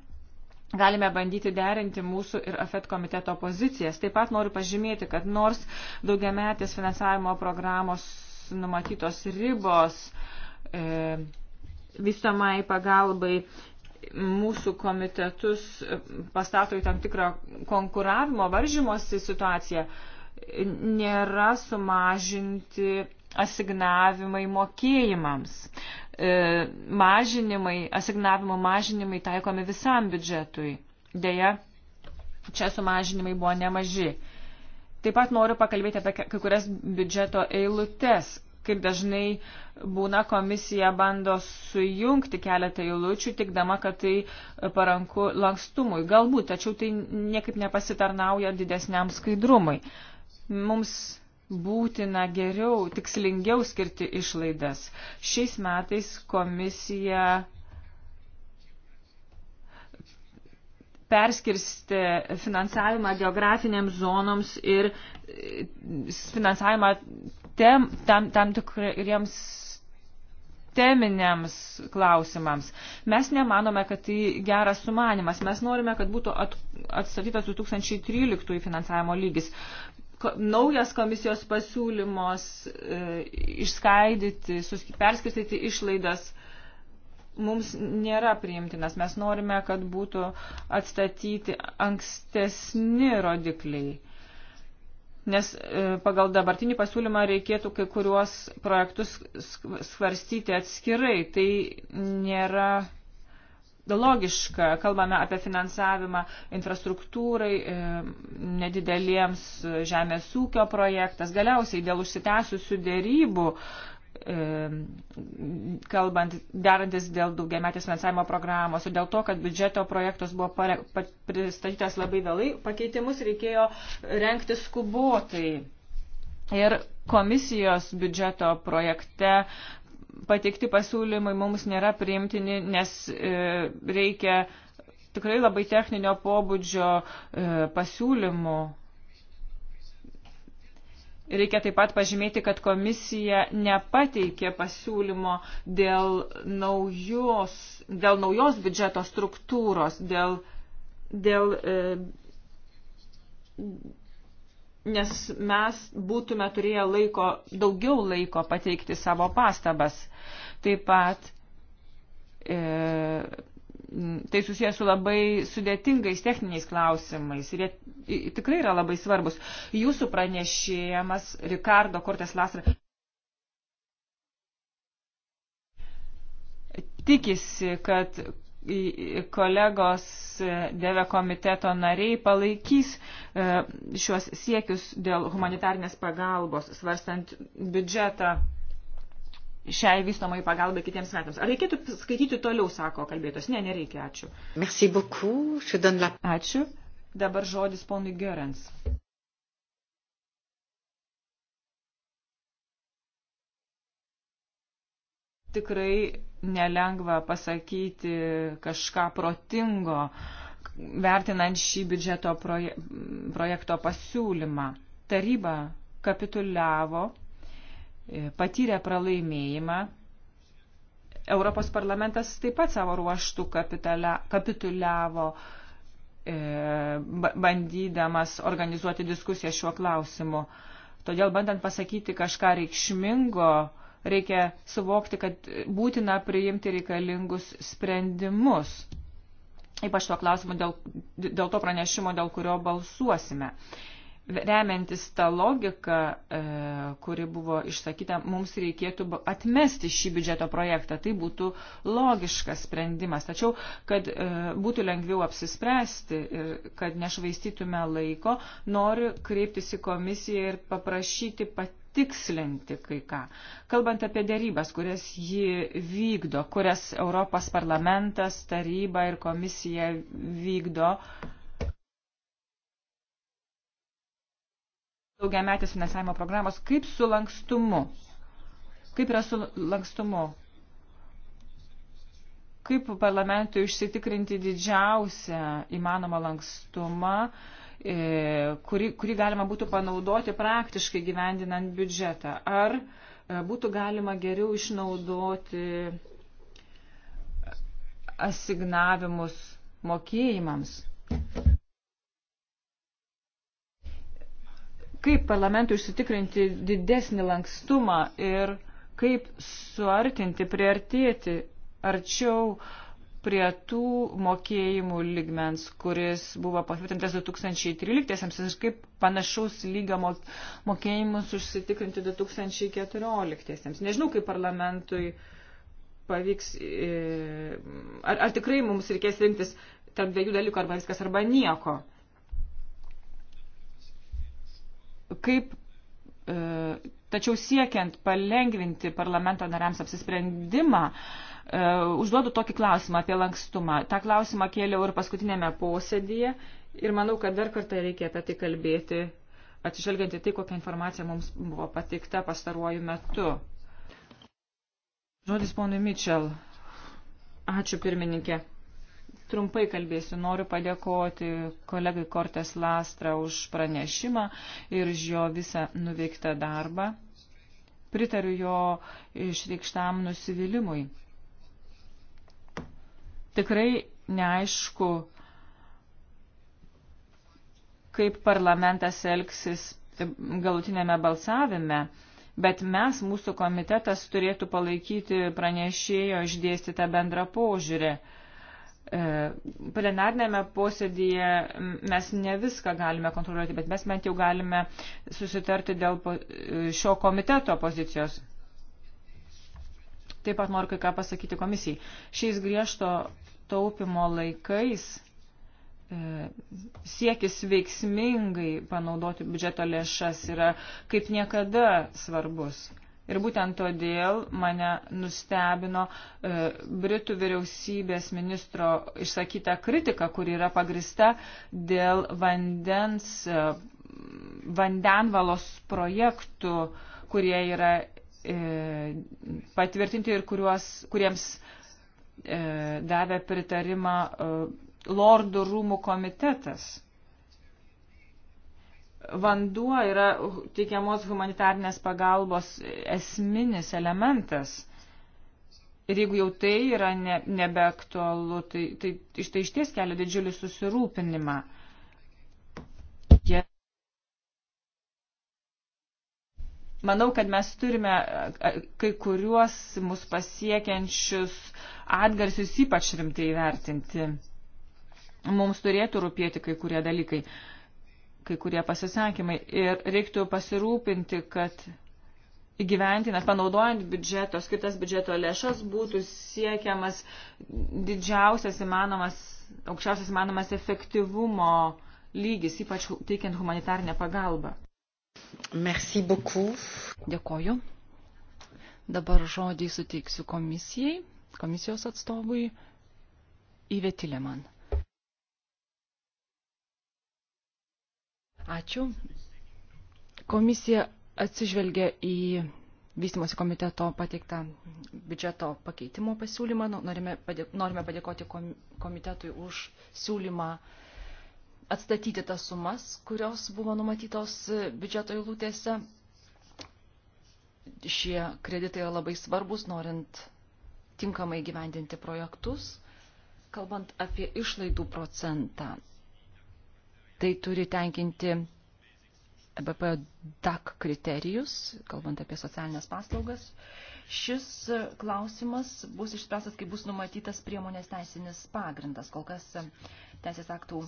Galime bandyti derinti mūsų ir AFET komiteto pozicijas. Taip pat noriu pažymėti, kad nors daugiametės finansavimo programos numatytos ribos e, visamai pagalbai mūsų komitetus e, pastato į tam tikrą konkuravimo varžymosi situaciją, nėra sumažinti asignavimai mokėjimams. E, mažinimai, asignavimo mažinimai taikomi visam biudžetui. Deja, čia sumažinimai buvo nemaži. E, Taip pat noriu pakalbėti apie kai kurias biudžeto eilutes. Kaip dažnai būna komisija bando sujungti keletą eilučių, tikdama, kad tai paranku lankstumui. Galbūt, tačiau tai niekaip nepasitarnauja didesniam skaidrumui. Mums būtina geriau, tikslingiau skirti išlaidas. Šiais metais komisija perskirsti finansavimą geografinėms zonoms ir e, finansavimą tem, tam, tam tikriems teminiams klausimams. Mes nemanome, kad tai geras sumanimas. Mes norime, kad būtų at, atstatytas 2013 finansavimo lygis. Ko, naujas komisijos pasiūlymos e, išskaidyti, perskirstyti išlaidas mums nėra priimtinas. Mes norime, kad būtų atstatyti ankstesni rodikliai. Nes e, pagal dabartinį pasiūlymą reikėtų kai kuriuos projektus svarstyti atskirai. Tai nėra logiška. Kalbame apie finansavimą infrastruktūrai, e, nedideliems e, žemės ūkio projektas. Galiausiai dėl užsitęsusių dėrybų kalbant, derantis dėl daugiametės finansavimo programos ir dėl to, kad biudžeto projektas buvo pare, pristatytas labai vėlai, pakeitimus reikėjo renkti skubotai. Ir komisijos biudžeto projekte pateikti pasiūlymai mums nėra priimtini, nes e, reikia tikrai labai techninio pobūdžio e, pasiūlymų Reikia taip pat pažymėti, kad komisija nepateikė pasiūlymo dėl naujos, dėl naujos biudžeto struktūros, dėl, dėl, e, nes mes būtume turėję laiko, daugiau laiko pateikti savo pastabas. Taip pat e, tai susijęs su labai sudėtingais techniniais klausimais ir jie tikrai yra labai svarbus. Jūsų pranešėjamas Ricardo Cortes Lasra tikisi, kad kolegos Deve komiteto nariai palaikys e, šiuos siekius dėl humanitarnės pagalbos, svarstant biudžetą šiai vystomai pagalbai kitiems metams. Ar reikėtų skaityti toliau, sako kalbėtos. Ne, nereikia, ačiū. Merci beaucoup. Je donne la... Ačiū. Dabar žodis ponui Görens. Tikrai nelengva pasakyti kažką protingo, vertinant šį biudžeto proje, projekto pasiūlymą. Taryba kapituliavo E, patyrė pralaimėjimą. Europos parlamentas taip pat savo ruoštų kapituliavo, e, bandydamas organizuoti diskusiją šiuo klausimu. Todėl bandant pasakyti kažką reikšmingo, reikia suvokti, kad būtina priimti reikalingus sprendimus. Ypač to klausimo dėl, dėl to pranešimo, dėl kurio balsuosime. Uh, remiantis tą logiką, e, kuri buvo išsakyta, mums reikėtų atmesti šį biudžeto projektą. Tai būtų logiškas sprendimas. Tačiau, kad e, būtų lengviau apsispręsti ir kad nešvaistytume laiko, noriu kreiptis į komisiją ir paprašyti patikslinti kai ką. Kalbant apie dėrybas, kurias ji vykdo, kurias Europos parlamentas, taryba ir komisija vykdo, uh, daugiametės finansavimo programos, kaip su lankstumu? Kaip yra su lankstumu? Kaip parlamentui išsitikrinti didžiausią įmanomą lankstumą, kurį, e, kurį galima būtų panaudoti praktiškai gyvendinant biudžetą? Ar e, būtų galima geriau išnaudoti asignavimus mokėjimams? kaip parlamentui užsitikrinti didesnį lankstumą ir kaip suartinti, priartėti arčiau prie tų mokėjimų ligmens, kuris buvo patvirtintas 2013 ir kaip panašaus lygio mokėjimus užsitikrinti 2014. -iesiams. Nežinau, kaip parlamentui pavyks, e, ar, ar tikrai mums reikės rinktis tarp dviejų dalykų arba viskas arba nieko. kaip e, Tačiau siekiant palengvinti parlamento nariams apsisprendimą, e, užduodu tokį klausimą apie lankstumą. Ta klausimą kėliau ir paskutinėme posėdėje ir manau, kad dar kartą reikia apie tai kalbėti, atsižvelgiant į tai, kokią informaciją mums buvo pateikta pastaruoju metu. Žodis ponui Mitchell. Ačiū pirmininkė. Trumpai kalbėsiu, noriu padėkoti kolegai Kortes Lastra už pranešimą ir už jo visą nuveiktą darbą. Pritariu jo išreikštam nusivylimui. Tikrai neaišku, kaip parlamentas elgsis galutinėme balsavime bet mes, mūsų komitetas, turėtų palaikyti pranešėjo išdėstytą bendrą požiūrį. E, plenarnėme posėdėje mes ne viską galime kontroliuoti, bet mes bent jau galime susitarti dėl e, šio komiteto pozicijos. Taip pat noriu kai ką pasakyti komisijai. Šiais griežto taupimo laikais e, siekis veiksmingai panaudoti biudžeto lėšas yra kaip niekada svarbus. Ir būtent todėl mane nustebino e, Britų vyriausybės ministro išsakyta kritika, kur yra pagrista dėl vandens, e, vandenvalos projektų, kurie yra e, patvirtinti ir kuriuos, kuriems e, davė pritarimą e, Lordų rūmų komitetas vanduo yra teikiamos humanitarnės pagalbos esminis elementas. Ir jeigu jau tai yra ne, nebeaktualu, tai, tai, tai iš ties kelia didžiulį susirūpinimą. Jie... Manau, kad mes turime kai kuriuos mus pasiekiančius atgarsius ypač rimtai vertinti. Mums turėtų rūpėti kai kurie dalykai. Uh, kai kurie pasisakymai. Ir reiktų pasirūpinti, kad įgyventinant, panaudojant biudžeto, skirtas biudžeto lėšas, būtų siekiamas didžiausias įmanomas, aukščiausias įmanomas efektyvumo lygis, ypač teikiant humanitarnę pagalbą. Merci beaucoup. Dėkoju. Dabar žodį suteiksiu komisijai, komisijos atstovui įvetilė man. Ačiū. Komisija atsižvelgia į vystimosi komiteto pateiktą biudžeto pakeitimo pasiūlymą. Norime, padė, norime padėkoti komitetui už siūlymą atstatyti tas sumas, kurios buvo numatytos biudžeto įlūtėse. Šie kreditai yra labai svarbus, norint tinkamai gyvendinti projektus. Kalbant apie išlaidų procentą, tai turi tenkinti BPO DAC kriterijus, kalbant apie socialinės paslaugas. Šis klausimas bus išspręstas, kai bus numatytas priemonės teisinis pagrindas. Kol kas teisės, aktų,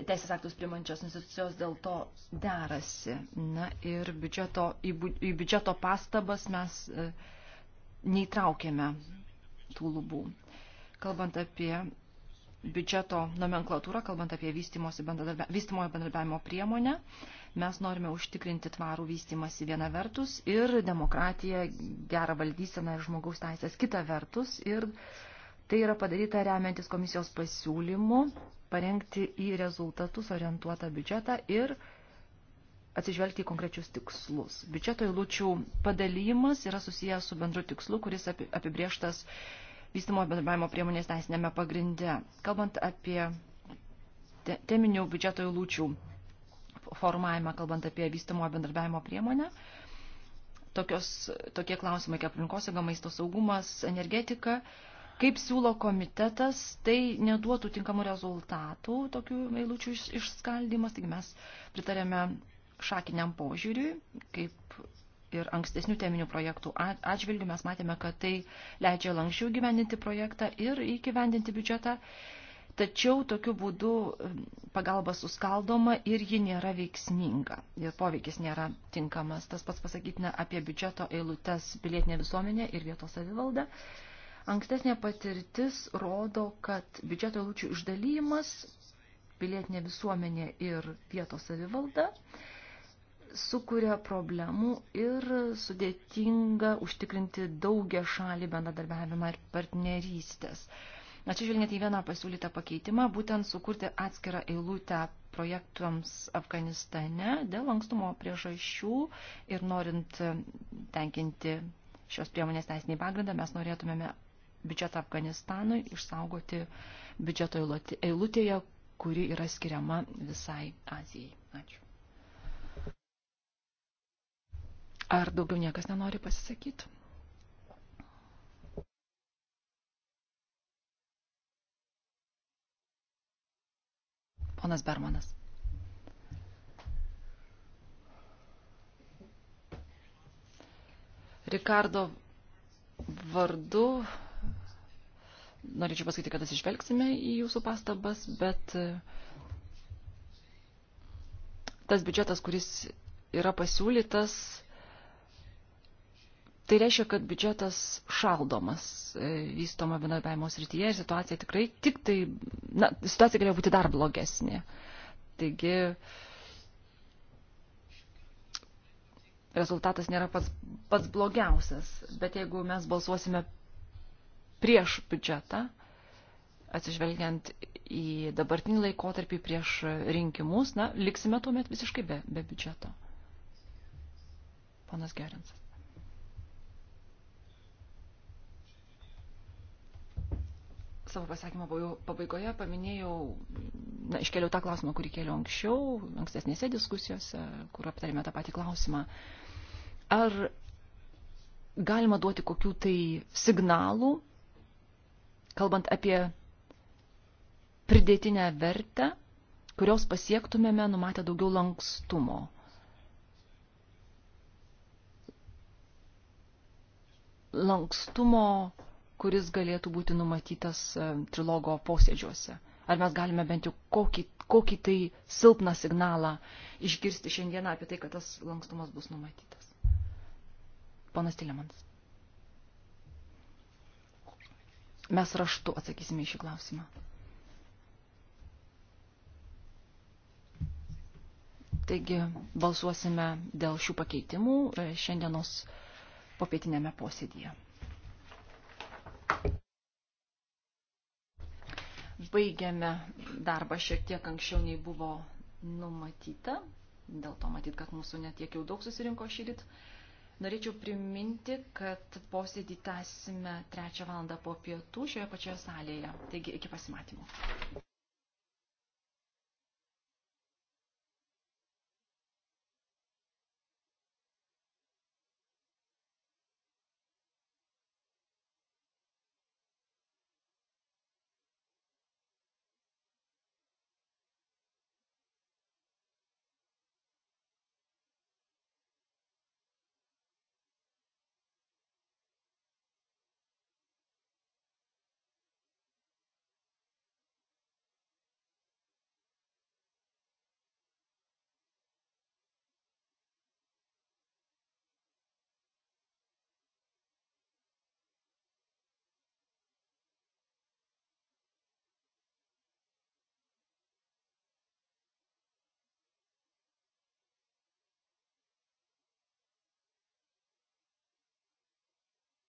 teisės aktus primančios institucijos dėl to derasi. Na ir biudžeto, į, bu, į biudžeto pastabas mes e, neįtraukėme tų lubų. Kalbant apie biudžeto nomenklatūrą, kalbant apie bendradarbia, vystimojo bendradarbiavimo priemonę. Mes norime užtikrinti tvarų vystimąsi viena vertus ir demokratiją, gerą valdyseną ir žmogaus teisės kita vertus. Ir tai yra padaryta remiantis komisijos pasiūlymu parengti į rezultatus orientuotą biudžetą ir atsižvelgti į konkrečius tikslus. Biudžeto įlūčių padalymas yra susijęs su bendru tikslu, kuris apibrieštas vystimo bendradarbiavimo priemonės teisinėme pagrinde. Kalbant apie teminių biudžeto įlūčių formavimą, kalbant apie vystimo bendradarbiavimo priemonę, tokios, tokie klausimai kaip aplinkosauga, maisto saugumas, energetika, kaip siūlo komitetas, tai neduotų tinkamų rezultatų tokių eilučių išskaldimas, taigi mes pritarėme šakiniam požiūriui, kaip ir ankstesnių teminių projektų atžvilgių mes matėme, kad tai leidžia lankščiau gyvendinti projektą ir įgyvendinti biudžetą. Tačiau tokiu būdu um, pagalba suskaldoma ir ji nėra veiksminga. Ir poveikis nėra tinkamas. Tas pats pasakytina apie biudžeto eilutes pilietinė visuomenė ir vietos savivalda. Ankstesnė patirtis rodo, kad biudžeto eilučių išdalymas pilietinė visuomenė ir vietos savivalda sukuria problemų ir sudėtinga užtikrinti daugia šalį bendradarbiavimą ir partnerystės. Atsižvelgiant į vieną pasiūlytą pakeitimą, būtent sukurti atskirą eilutę projektams Afganistane dėl lankstumo priežasčių ir norint tenkinti šios priemonės teisinį pagrindą, mes norėtumėme biudžetą Afganistanui išsaugoti biudžeto eilutėje, kuri yra skiriama visai Azijai. Ačiū. Ar daugiau niekas nenori pasisakyti? Ponas Bermanas. Rikardo vardu norėčiau pasakyti, kad atsižvelgsime į jūsų pastabas, bet e, tas biudžetas, kuris yra pasiūlytas, Tai reiškia, kad biudžetas šaldomas e, vystoma bendradarbiavimo srityje ir situacija tikrai tik tai, na, situacija galėjo būti dar blogesnė. Taigi rezultatas nėra pats, pats blogiausias, bet jeigu mes balsuosime prieš biudžetą, atsižvelgiant į dabartinį laikotarpį prieš rinkimus, na, liksime tuomet visiškai be, be biudžeto. Ponas Gerinsas. savo pasakymo pabaigoje paminėjau, na, iškėliau tą klausimą, kurį kėliau anksčiau, ankstesnėse diskusijose, kur aptarėme tą patį klausimą. Ar galima duoti kokių tai signalų, kalbant apie pridėtinę vertę, kurios pasiektumėme numatę daugiau lankstumo? Lankstumo kuris galėtų būti numatytas e, trilogo posėdžiuose. Ar mes galime bent jau kokį, kokį tai silpną signalą išgirsti šiandieną apie tai, kad tas lankstumas bus numatytas. Ponas Tilemans. Mes raštu atsakysime į šį klausimą. Taigi balsuosime dėl šių pakeitimų e, šiandienos popietinėme posėdėje. Baigiame darbą šiek tiek anksčiau nei buvo numatyta. Dėl to matyt, kad mūsų netiek jau daug susirinko šyrit. Norėčiau priminti, kad posėdį tęsime trečią valandą po pietų šioje pačioje salėje. Taigi iki pasimatymų.